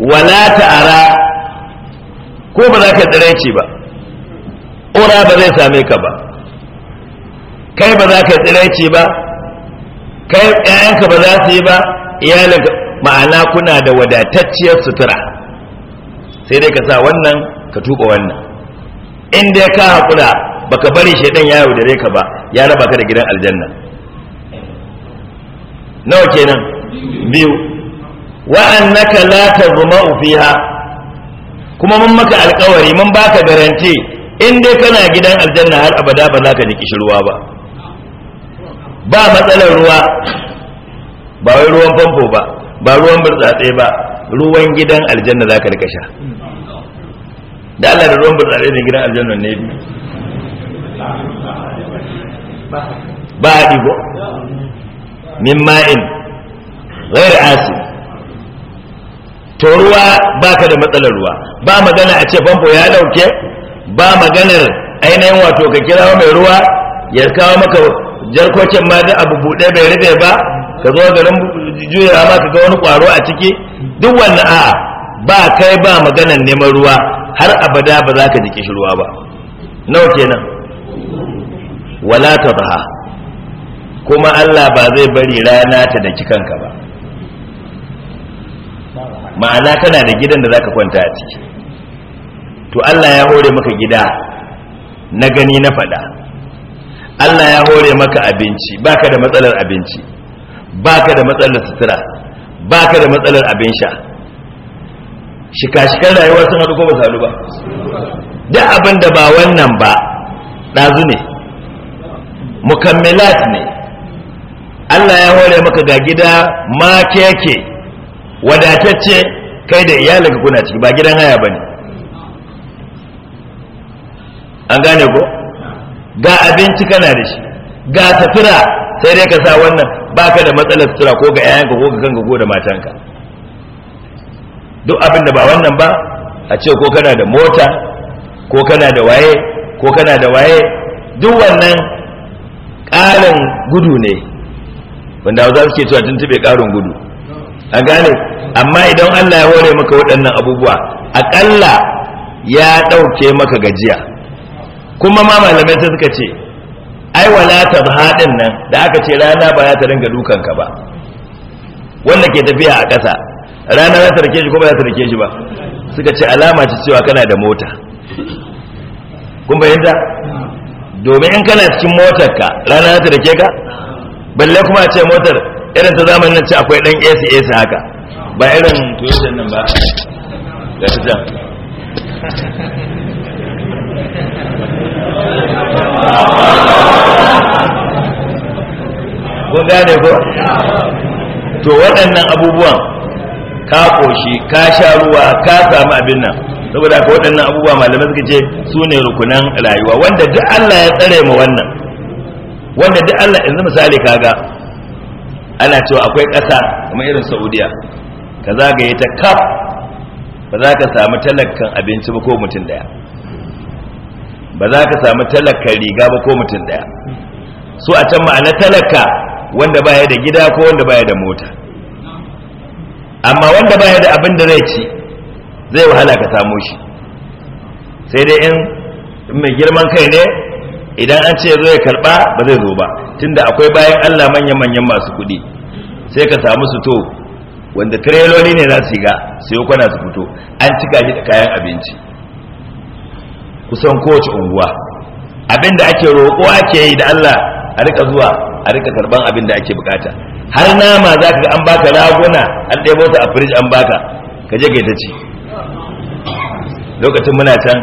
wala ta'ara ko ba za ka tsiraici ba ƙura ba zai same ka ba kai ba za ka tsiraici ba kai 'ya'yanka ba za su yi ba iyalinka ma'ana kuna da wadatacciyar sutura sai dai ka sa wannan ka tuba wannan in dai ka hakura baka bari shaidan ya yaudare ka ba ya raba ka da gidan aljanna nawa kenan biyu wa annaka la tazma'u fiha kuma mun maka alkawari mun baka garanti in dai kana gidan aljanna har abada ba za ka ji kishirwa ba ba matsalar ruwa ba wai ruwan famfo ba ba ruwan burtsatse ba ruwan gidan aljanna za ka rika sha da Allah da ruwan burtsatse ne gidan aljanna ne bi ba a ɗigo min ma'in ghairu asi, to ruwa baka da matsalar ruwa ba magana a ce famfo ya dauke ba maganar ainihin wato ka kira mai ruwa ya kawo maka jarkokin ma da abu buɗe bai rufe ba ka zo garin juyawa ma ka ga wani kwaro a ciki duk wannan a ba kai ba maganar neman ruwa har abada ba za ka ji kishirwa ba nawa kenan wala ta zaha kuma Allah ba zai bari rana ta da kanka ba ma'ana kana da gidan da za ka kwanta a ciki to Allah ya hore maka gida na gani na fada Allah ya hore maka abinci baka da matsalar abinci baka da matsalar sutura baka da matsalar abin sha shika-shikan rayuwa sun haɗu ko ba su ba duk abin da ba wannan ba ɗazu ne mukammilat ne Allah ya hore maka ga gida ma keke wadatacce kai da iyalinka kuna ciki ba gidan haya ba an gane ko ga abinci kana da shi ga sutura sai dai ka sa wannan baka da matsalar sutura ko ga 'ya'yanka ko ga kanka ko da matanka duk abin da ba wannan ba a ce ko kana da mota ko kana da waye ko kana da waye duk wannan ƙarin gudu ne wanda za su ke cewa tube ƙarin gudu a gane amma idan allah ya hore maka waɗannan abubuwa aƙalla ya ɗauke maka gajiya kuma ma malamai ta suka ce ai walata haɗin nan da aka ce rana ba ya ta ringa dukanka ba wanda ke tafiya a ƙasa rana za ta rike shi ko ba za ta rike shi ba suka ce alama ce cewa kana da mota kun bayyanta domin in kana cikin motar ka rana za ta rike ka balle kuma a ce motar irin ta zamanin nan ce akwai dan AC haka ba irin Toyota nan ba ga ta jan kun gane ko to waɗannan abubuwan ka koshi ka sha ruwa ka samu abin nan saboda ka waɗannan abubuwa malamai suka ce su ne rukunan rayuwa wanda duk Allah ya tsare mu wannan wanda duk Allah yanzu misali kaga ana cewa akwai ƙasa kamar irin Saudiya ka zagaye ta kaf ba za ka samu talakkan abinci ba ko mutum daya ba za ka samu talakkan riga ba ko mutum daya su a can ma'ana talaka wanda baya da gida ko wanda baya da mota amma wanda baya da abin da zai ci zai wahala ka samu shi sai dai in mai girman kai ne idan an ce zo ya karba ba zai zo ba tunda akwai bayan Allah manyan manyan masu kuɗi sai ka samu su to wanda tireloli ne za su ga sai kwana su fito an cika shi da kayan abinci kusan kowace unguwa abinda ake roƙo ake yi da Allah a rika zuwa a rika karban abin da ake bukata har nama za ka ga an baka raguna an ɗebo ta a firij an baka ka je ta ci lokacin muna can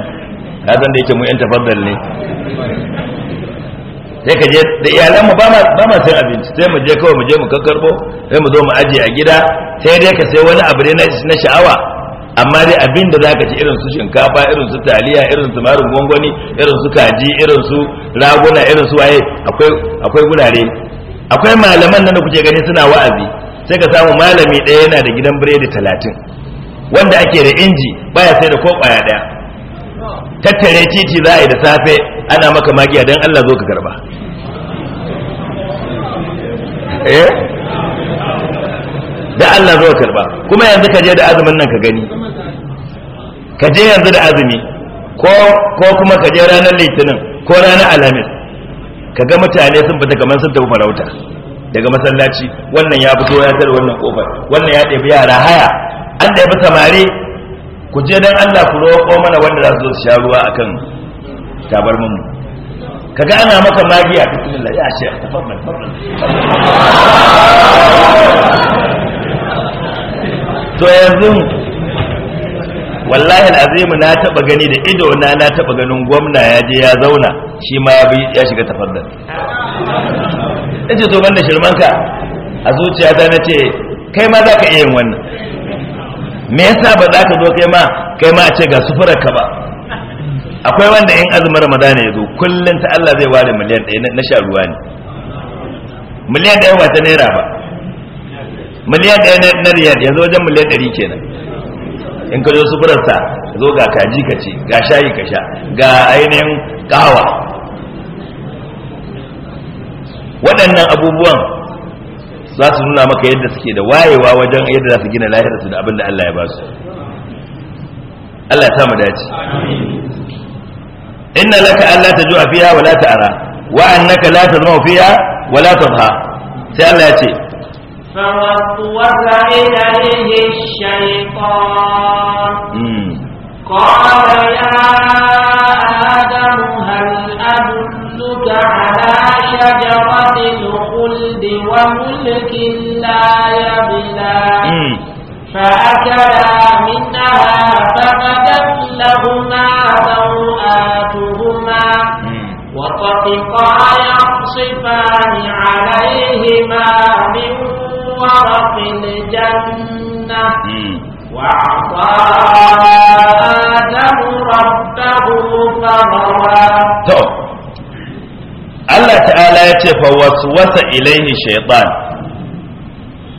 na san da yake mu yan tafaddal ne sai ka je da iyalan mu ba ma san abinci sai mu je kawai mu je mu kakkarbo sai mu zo mu aje a gida sai dai ka sai wani abu ne na sha'awa amma dai abin da zaka ci irin su shinkafa irin su taliya irin su marin gwangwani irin su kaji irin su raguna irin su waye akwai akwai gurare akwai malaman nan da kuke gani suna wa'azi sai ka samu malami ɗaya yana da gidan biredi talatin wanda ake da inji baya sai da ko kwaya ɗaya tattare titi za a yi da safe ana maka magiya don Allah zo ka karba eh? da Allah zo ka karba kuma yanzu ka je da azumin nan ka gani ka je yanzu da azumi ko kuma ka je ranar litinin ko ranar alhamis ka ga mutane sun fita kamar sun tafi farauta daga masallaci wannan ya fito ya tare wannan kofar wannan ya ɗebi yara haya an ɗebi samari ku je don allah ku roƙo mana wanda za su zo su sha ruwa akan tabarmanmu kaga ana maka magiya bismillah ya shekh tafaddal tafaddal to yanzu wallahi azimu na taba gani da ido na na taba ganin gwamna ya je ya zauna shi ma ya ya shiga tafaddar yace to banda shirmanka a zuciyata na ce kai ma za ka iya yin wannan me yasa ba za ka zo kai ma kai ma a ce ga ka ba akwai wanda in azumin ramadan ya zo kullum ta Allah zai ware miliyan ɗaya na sha ruwa ne miliyan ɗaya ba ta naira ba miliyan ɗaya na riyal zo wajen miliyan ɗari kenan in ka zo sufurarsa zo ga kaji ka ci ga shayi ka sha ga ainihin kawa waɗannan abubuwan za su nuna maka yadda suke da wayewa wajen yadda za su gina lahirarsu da abin da Allah ya ba su Allah ya samu dace inna laka Allah ta ju'a fiha wa la ara, wa annaka la tazma fiha wa la tadha sai Allah ya ce فوسوس إليه الشيطان قال يا آدم هل أدلك على شجرة الخلد وملك لا يبلى فأكلا منها فبدت لهما سوآتهما وطفقا يقصفان عليهما من فرق الجنة آدم ربه فغوى Allah ta'ala ya ce fa wasa ilaihi shaitan,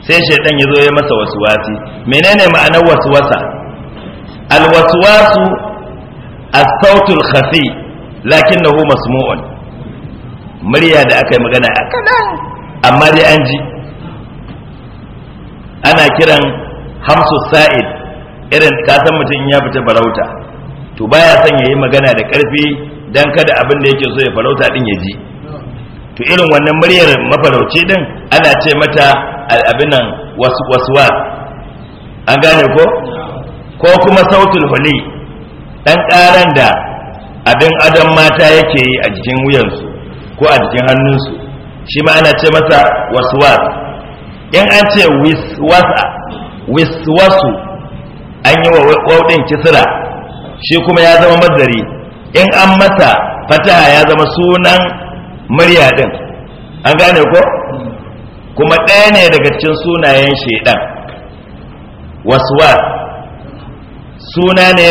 sai ya zo ya masa waswasi menene ma'anar waswasa alwaswasu waswasu as-sautul khafi lakinnahu masmu'un murya da aka yi magana a amma dai an ji ana kiran hamsu sa'id irin san mutum ya fita farauta to baya son ya yi magana da karfi dan kada abin da yake so ya farauta din ya ji to irin wannan muryar mafarauci din ana ce mata al'abin nan waswa an gane ko ko kuma sautul huli dan karan da abin adon mata yake yi a jikin wuyansu ko a jikin hannunsu shi ma ana ce masa waswas in an ce wiswasu an yi wa waudin kisira shi kuma ya zama mazari in an masa fataha ya zama sunan murya ɗin an gane ko kuma ɗaya ne daga cikin sunayen shaidan wasuwa suna ne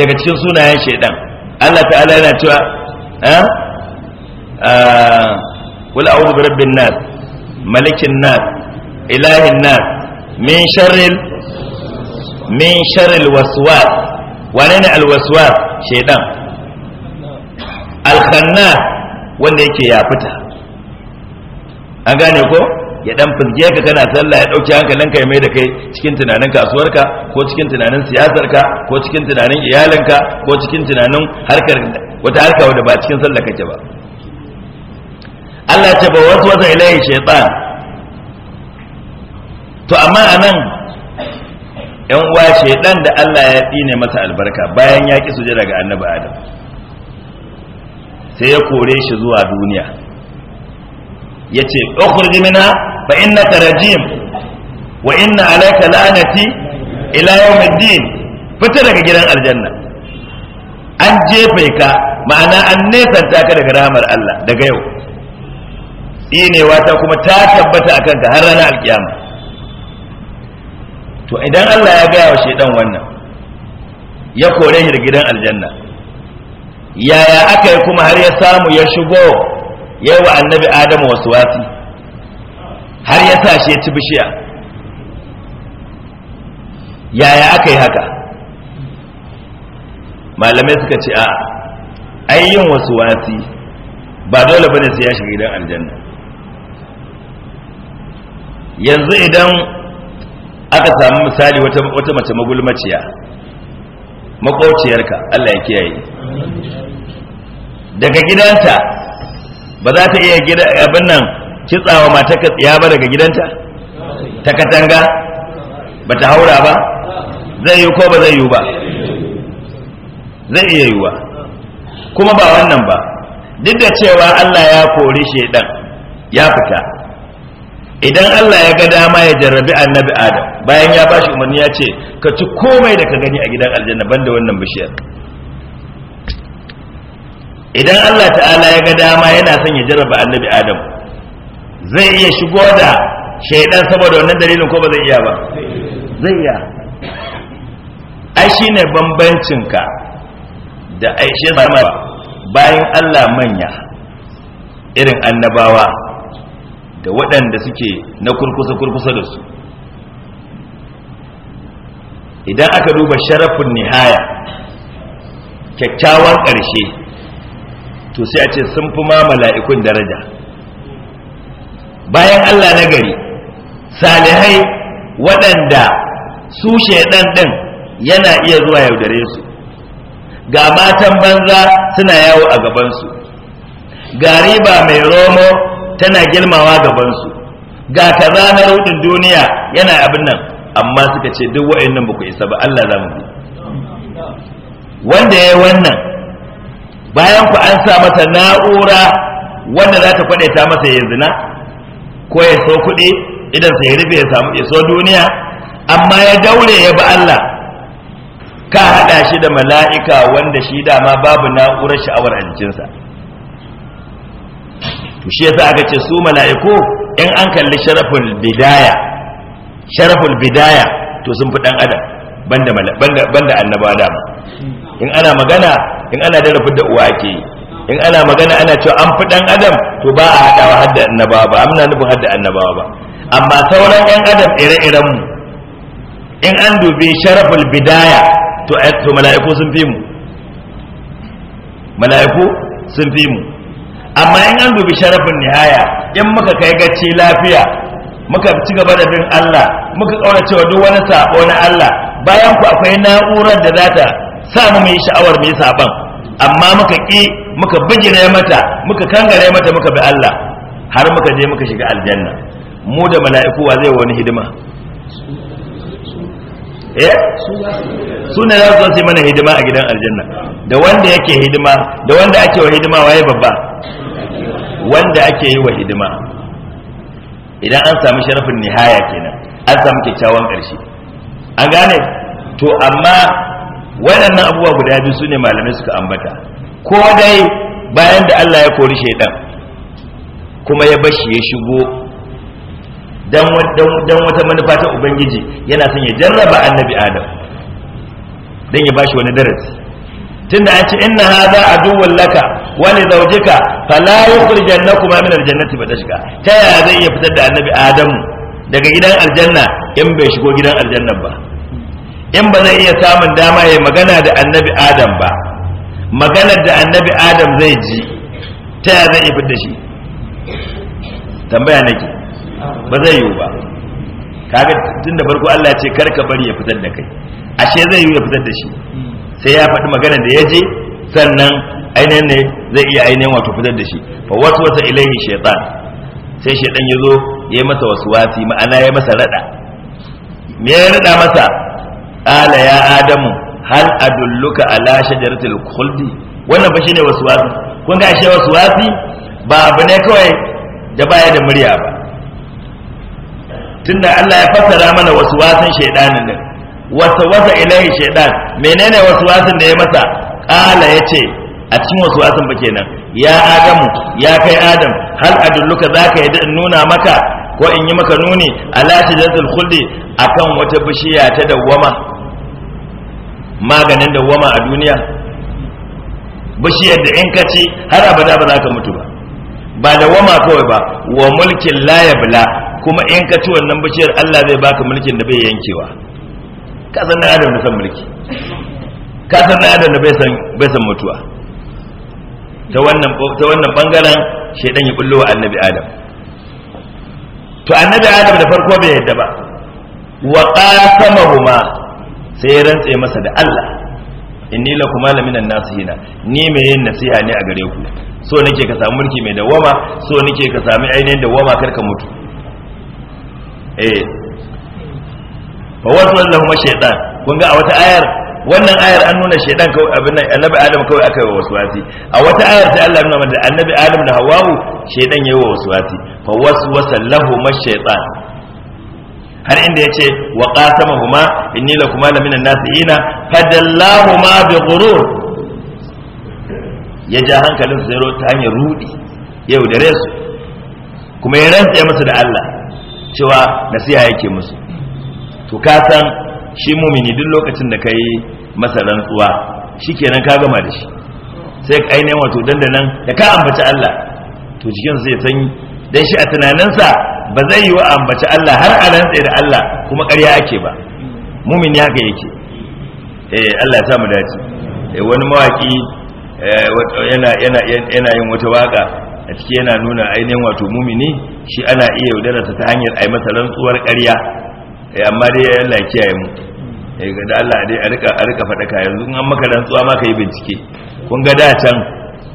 daga cikin sunayen shaidan Allah ta'ala yana cewa kula eh? ah, rabbin nas malikin nas ilahin nas min sharril min sharril waswas wane ne alwaswas shaidan alkhannas wanda yake ya fita an gane ko ya dan fizge ka kana sallah ya dauki hankalinka ya mai da kai cikin tunanin kasuwarka ko cikin tunanin siyasarka ko cikin tunanin iyalinka ko cikin tunanin harkar wata harka wadda ba cikin sallah kake ba Allah ya ce ba wasu wata ilahi shaytan to amma a nan yan uwa shaidan da Allah ya tsine masa albarka bayan ya ki suje daga annabi Adam sai ya kore shi zuwa duniya yace ukhruj minha fa innaka rajim wa inna alayka la'anati ila yawmiddin fita daga gidan aljanna an jefe ka ma'ana an nesanta ka daga rahmar Allah daga yau tsinewa ta kuma ta tabbata akan ka har ranar alkiyama to idan Allah ya gaya wa shaidan wannan ya kore shi da gidan aljanna yaya aka yi kuma har ya samu ya shigo ya wa annabi adamu wasu wasi har ya sa shi ya ci bishiya yaya aka yi haka malamai suka ce a ayyun wasu wasi ba dole bane sai ya shiga gidan aljanna yanzu idan aka samu misali wata mace magulmaciya makwauciyarka Allah ya kiyaye daga gidanta ba za ta iya abin nan kitsawa mata ka tsiya ba daga gidanta ta katanga ba ta haura ba zai yi ko ba zai yi ba zai iya yiwa kuma ba wannan ba duk da cewa Allah ya kori shedan ya fita idan Allah ya ga dama ya jarrabi annabi Adam bayan ya bashi umarni ya ce ka ci komai da ka gani a gidan aljanna banda wannan bishiyar idan Allah ta'ala ya ga dama yana son ya jarraba annabi Adam zai iya shigo da shaidan saboda wannan dalilin ko ba zai iya ba zai iya ai shine bambancin ka da aishe zama bayan Allah manya irin annabawa da waɗanda suke na kurkusa-kurkusa da su idan aka duba sharafin nihaya kyakkyawan ƙarshe to sai a ce sun fi ma mala'ikun daraja bayan allah na gari salihai waɗanda su shaidan ɗin yana iya zuwa yaudare su ga matan banza suna yawo a gabansu ga riba mai romo tana girmawa gabansu ga ta ranar hudun duniya yana abin nan amma suka ce duk wa'annan baku isa ba Allah za mu bi wanda ya yi wannan bayan ku an sa mata na'ura wanda za ta kwadaita masa ya zina ko ya so kuɗi idan sai ya rufe ya samu iso duniya amma ya daure ya bi Allah ka haɗa shi da mala'ika wanda shi dama babu na'urar sha'awar a jikinsa to shi yasa aka ce su mala'iku in an kalli sharaful bidaya sharaful bidaya to sun fi dan adam banda banda banda annaba dama in ana magana in ana da rufin da uwa ke in ana magana ana cewa an fi dan adam to ba a hadawa hadda annabawa ba amna nufin hadda annabawa ba amma sauran yan adam ire-iren mu in an dubi sharaful bidaya to mala'iku sun fi mu mala'iku sun fi mu amma in an dubi sharafin nihaya in muka kai gaci lafiya muka ci gaba da bin Allah muka kaura cewa duk wani sabo na Allah bayan ku akwai na'urar da za ta sa mu mai sha'awar mai saban amma muka ki muka bijire mata muka kangare mata muka bi Allah har muka je muka shiga aljanna mu da mala'iku wa zai wani hidima eh su ne za su mana hidima a gidan aljanna da wanda yake hidima da wanda ake wa hidima waye babba wanda ake yi wa hidima idan an samu sharafin nihaya kenan an samu kyakkyawan ƙarshe an gane to amma waɗannan abubuwa guda biyu su ne malamai suka ambata ko dai bayan da Allah ya kori shaidan kuma ya bashi ya shigo dan wata manufa ta ubangiji yana son ya jarraba annabi adam don ya bashi wani darasi tunda an ce inna hadha aduwwun laka wa li zawjika fala yukhrijannakuma min aljannati fatashqa ta yaya zai iya fitar da annabi adamu daga gidan aljanna in bai shigo gidan aljannan ba in ba zai iya samun dama ya magana da annabi adam ba maganar da annabi adam zai ji ta yaya zai iya fitar da shi tambaya nake ba zai yiwu ba kaga tun da farko Allah ya ce karka bari ya fitar da kai ashe zai yiwu ya fitar da shi sai ya faɗi magana da ya je sannan ainihin ne zai iya ainihin wato fitar da shi fa wasu wata ilaihi shaitan sai shaitan ya zo ya yi masa wasi, ma'ana ya masa rada me ya rada masa ala ya adamu hal adulluka ala shajaratil khuldi wannan ba shine wasi. kun ga wasu wasi ba abu ne kawai da baya da murya ba tunda Allah ya fassara mana wasu wasan shaidanin nan waswasa ilaihi shaytan menene waswasin da ya masa qala yace a cikin waswasin ba kenan ya adamu ya kai adam hal adulluka zaka yi nuna maka ko in yi maka nuni ala shajaratul khuldi akan wata bishiya ta dawwama maganin dawwama a duniya bishiyar da in ka ci har abada ba za ka mutu ba ba dawwama kawai ba wa mulkin la yabla kuma in ka ci wannan bishiyar Allah zai baka mulkin da bai yankewa ka san na adam da san mulki ka san na adam da bai san bai san mutuwa ta wannan ta wannan bangaren shedan ya kullu wa annabi adam to annabi adam da farko bai yadda ba wa qasamahuma sai ya rantse masa da Allah inni lakum malaminan nasihina ni me yin nasiha ne a gare ku so nake ka samu mulki mai dawama so nake ka sami ainihin dawama ka mutu eh fa waswasa lahum shaytan kun ga a wata ayar wannan ayar an nuna shaytan kawai abin nan annabi adam kawai aka yi waswasi a wata ayar ta Allah nuna mana annabi adam da hawawu shaytan yayi waswasi fa waswasa lahum shaytan har inda ya ce wa qasamahuma inni lakuma lamina nasina fadallahuma bi ghurur ya ja hankalin su zero ta hanyar rudi yau da resu kuma ya rantsa masa da Allah cewa nasiha yake musu to ka san shi mumini duk lokacin da kai masa rantsuwa kenan ka gama da shi sai ka ainihin wato dandanan da ka ambaci Allah to jikin zai san dan shi a tunaninsa ba zai yi wa ambaci Allah har a rantsa da Allah kuma ƙarya ake ba mumini haka yake eh Allah ya sa mu dace eh wani mawaki eh, yana yana yana yin wata waka a ciki yana nuna ainihin wato mumini shi ana iya yaudararsa ta hanyar ai masa rantsuwar ƙarya Eh, amma dai Allah kiyaye mu eh ga da Allah dai a rika a rika ka yanzu an maka rantsuwa ma yi bincike kun ga da can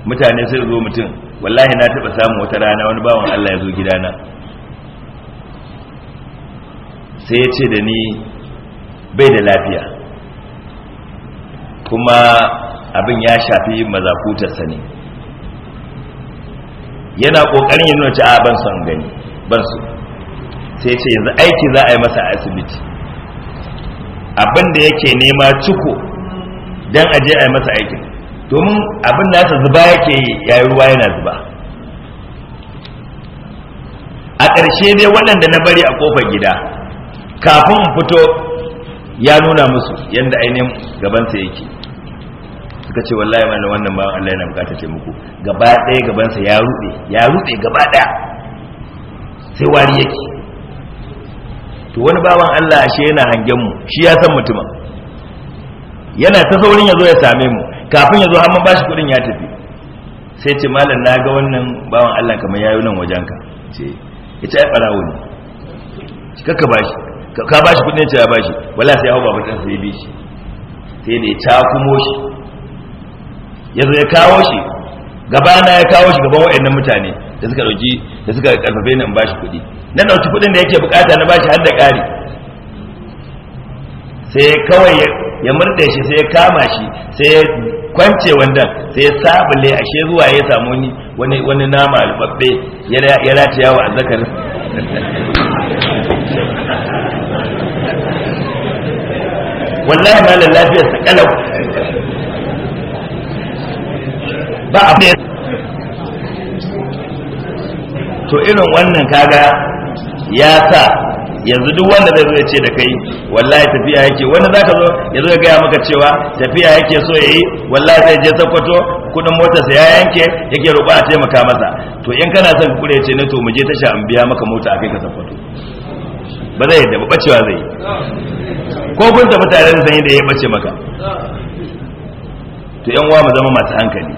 mutane sai zo mutum wallahi na taba samu wata rana wani bawan Allah ya zo gidana sai ya ce da ni bai da lafiya kuma abin ya shafi mazakutarsa ne yana kokarin yin nuna ci a gani ban su sai ce yanzu aiki za a yi masa a asibiti abin da yake nema ciko don a je a yi masa aiki domin abin nasa zuba yake yayi ruwa yana zuba a ƙarshe dai waɗanda na bari a ƙofar gida kafin in fito ya nuna musu yadda ainihin gabansa yake suka ce wallahi mana wannan ba Allah yana bukata taimako gaba ɗaya gabansa ya ruɗe ya ruɗe gaba ɗaya sai wari yake to wani bawan Allah ashe yana hangen mu shi ya san mutumin yana ta saurin ya zo ya same mu kafin ya zo har mun bashi kudin ya tafi sai ce malam na ga wannan bawan Allah kamar yi nan wajenka ce ita ai farawo ne ka bashi ka bashi kudin ce ya bashi wala sai hawo babatan sai bi shi sai ne ta kumo shi ya zo ya kawo shi gaba na ya kawo shi gaban wa'annan mutane da suka dauki da suka karfafe ni in bashi kudi na dauki kuɗin da yake bukata na bashi har da ƙari sai kawai ya murɗe shi sai ya kama shi sai ya kwance wanda sai ya sabule she zuwa ya samu ni wani wani nama albabbe ya rataya wa azzakar wallahi malam lafiyar sa kalau ba a to irin wannan kaga ya sa yanzu duk wanda zai ya ce da kai wallahi tafiya yake wanda za ka zo ya zo gaya maka cewa tafiya yake so ya yi wallahi zai je sakwato kudin sa ya yanke yake roƙa a taimaka masa to in kana son kure ce na to mu je tasha an biya maka mota a kai ka sakwato ba zai yadda ba bacewa zai ko kun tafi tare da sanyi da ya bace maka to yan uwa mu zama masu hankali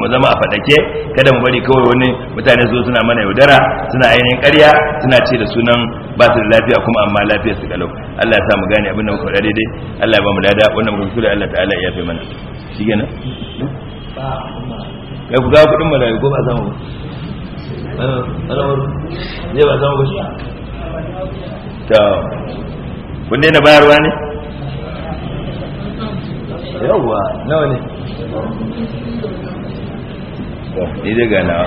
mu zama a fadake kada mu bari kawai wani mutane zo suna mana yaudara suna ainihin ƙarya suna ce da sunan ba su da lafiya kuma amma lafiya su galau Allah ya sa mu gane abin da muka faɗa daidai Allah ya ba mu lada wannan muka kula Allah ta'ala ya fi mana shi gina kai ku ga kuɗin malayu ko ba za ba. zai ba za mu ba shi ta kun na bayarwa ne yawwa nawa ne ni da ganawa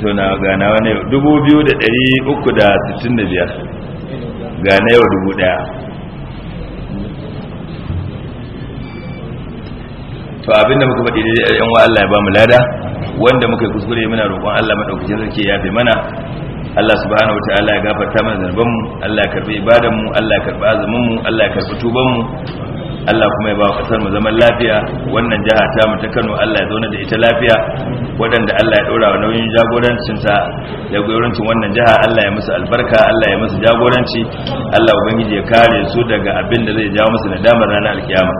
tuna ganawa ne 2,365 gane yau 1,000 to abin da muka faɗi da eh, yan wa Allah ya ba mu lada wanda muka kuskure muna roƙon Allah madaukakin sarki ya fi mana Allah subhanahu Allah ya gafarta mana zanuban Allah ya karɓi ibadanmu, Allah ya karɓi azuminmu, Allah ya karɓi tubanmu. Allah kuma ya ba wa kasar mu zaman lafiya wannan jiha ta mu ta Kano Allah ya zauna da ita lafiya waɗanda Allah ya ɗora wa nauyin jagorancin ta da jagorancin wannan jiha Allah ya musu albarka Allah ya musu jagoranci Allah ubangiji ya kare su daga abin da zai jawo musu nadamar ranar alkiyama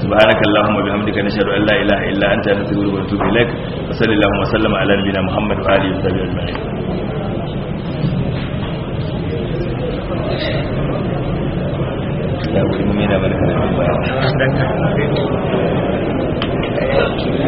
subhanakallahumma bihamdika nashhadu an la ilaha illa anta nastaghfiruka wa natubu ilaik wa sallallahu wa sallama ala nabiyyina muhammad wa alihi wa sahbihi ajma'in la Thank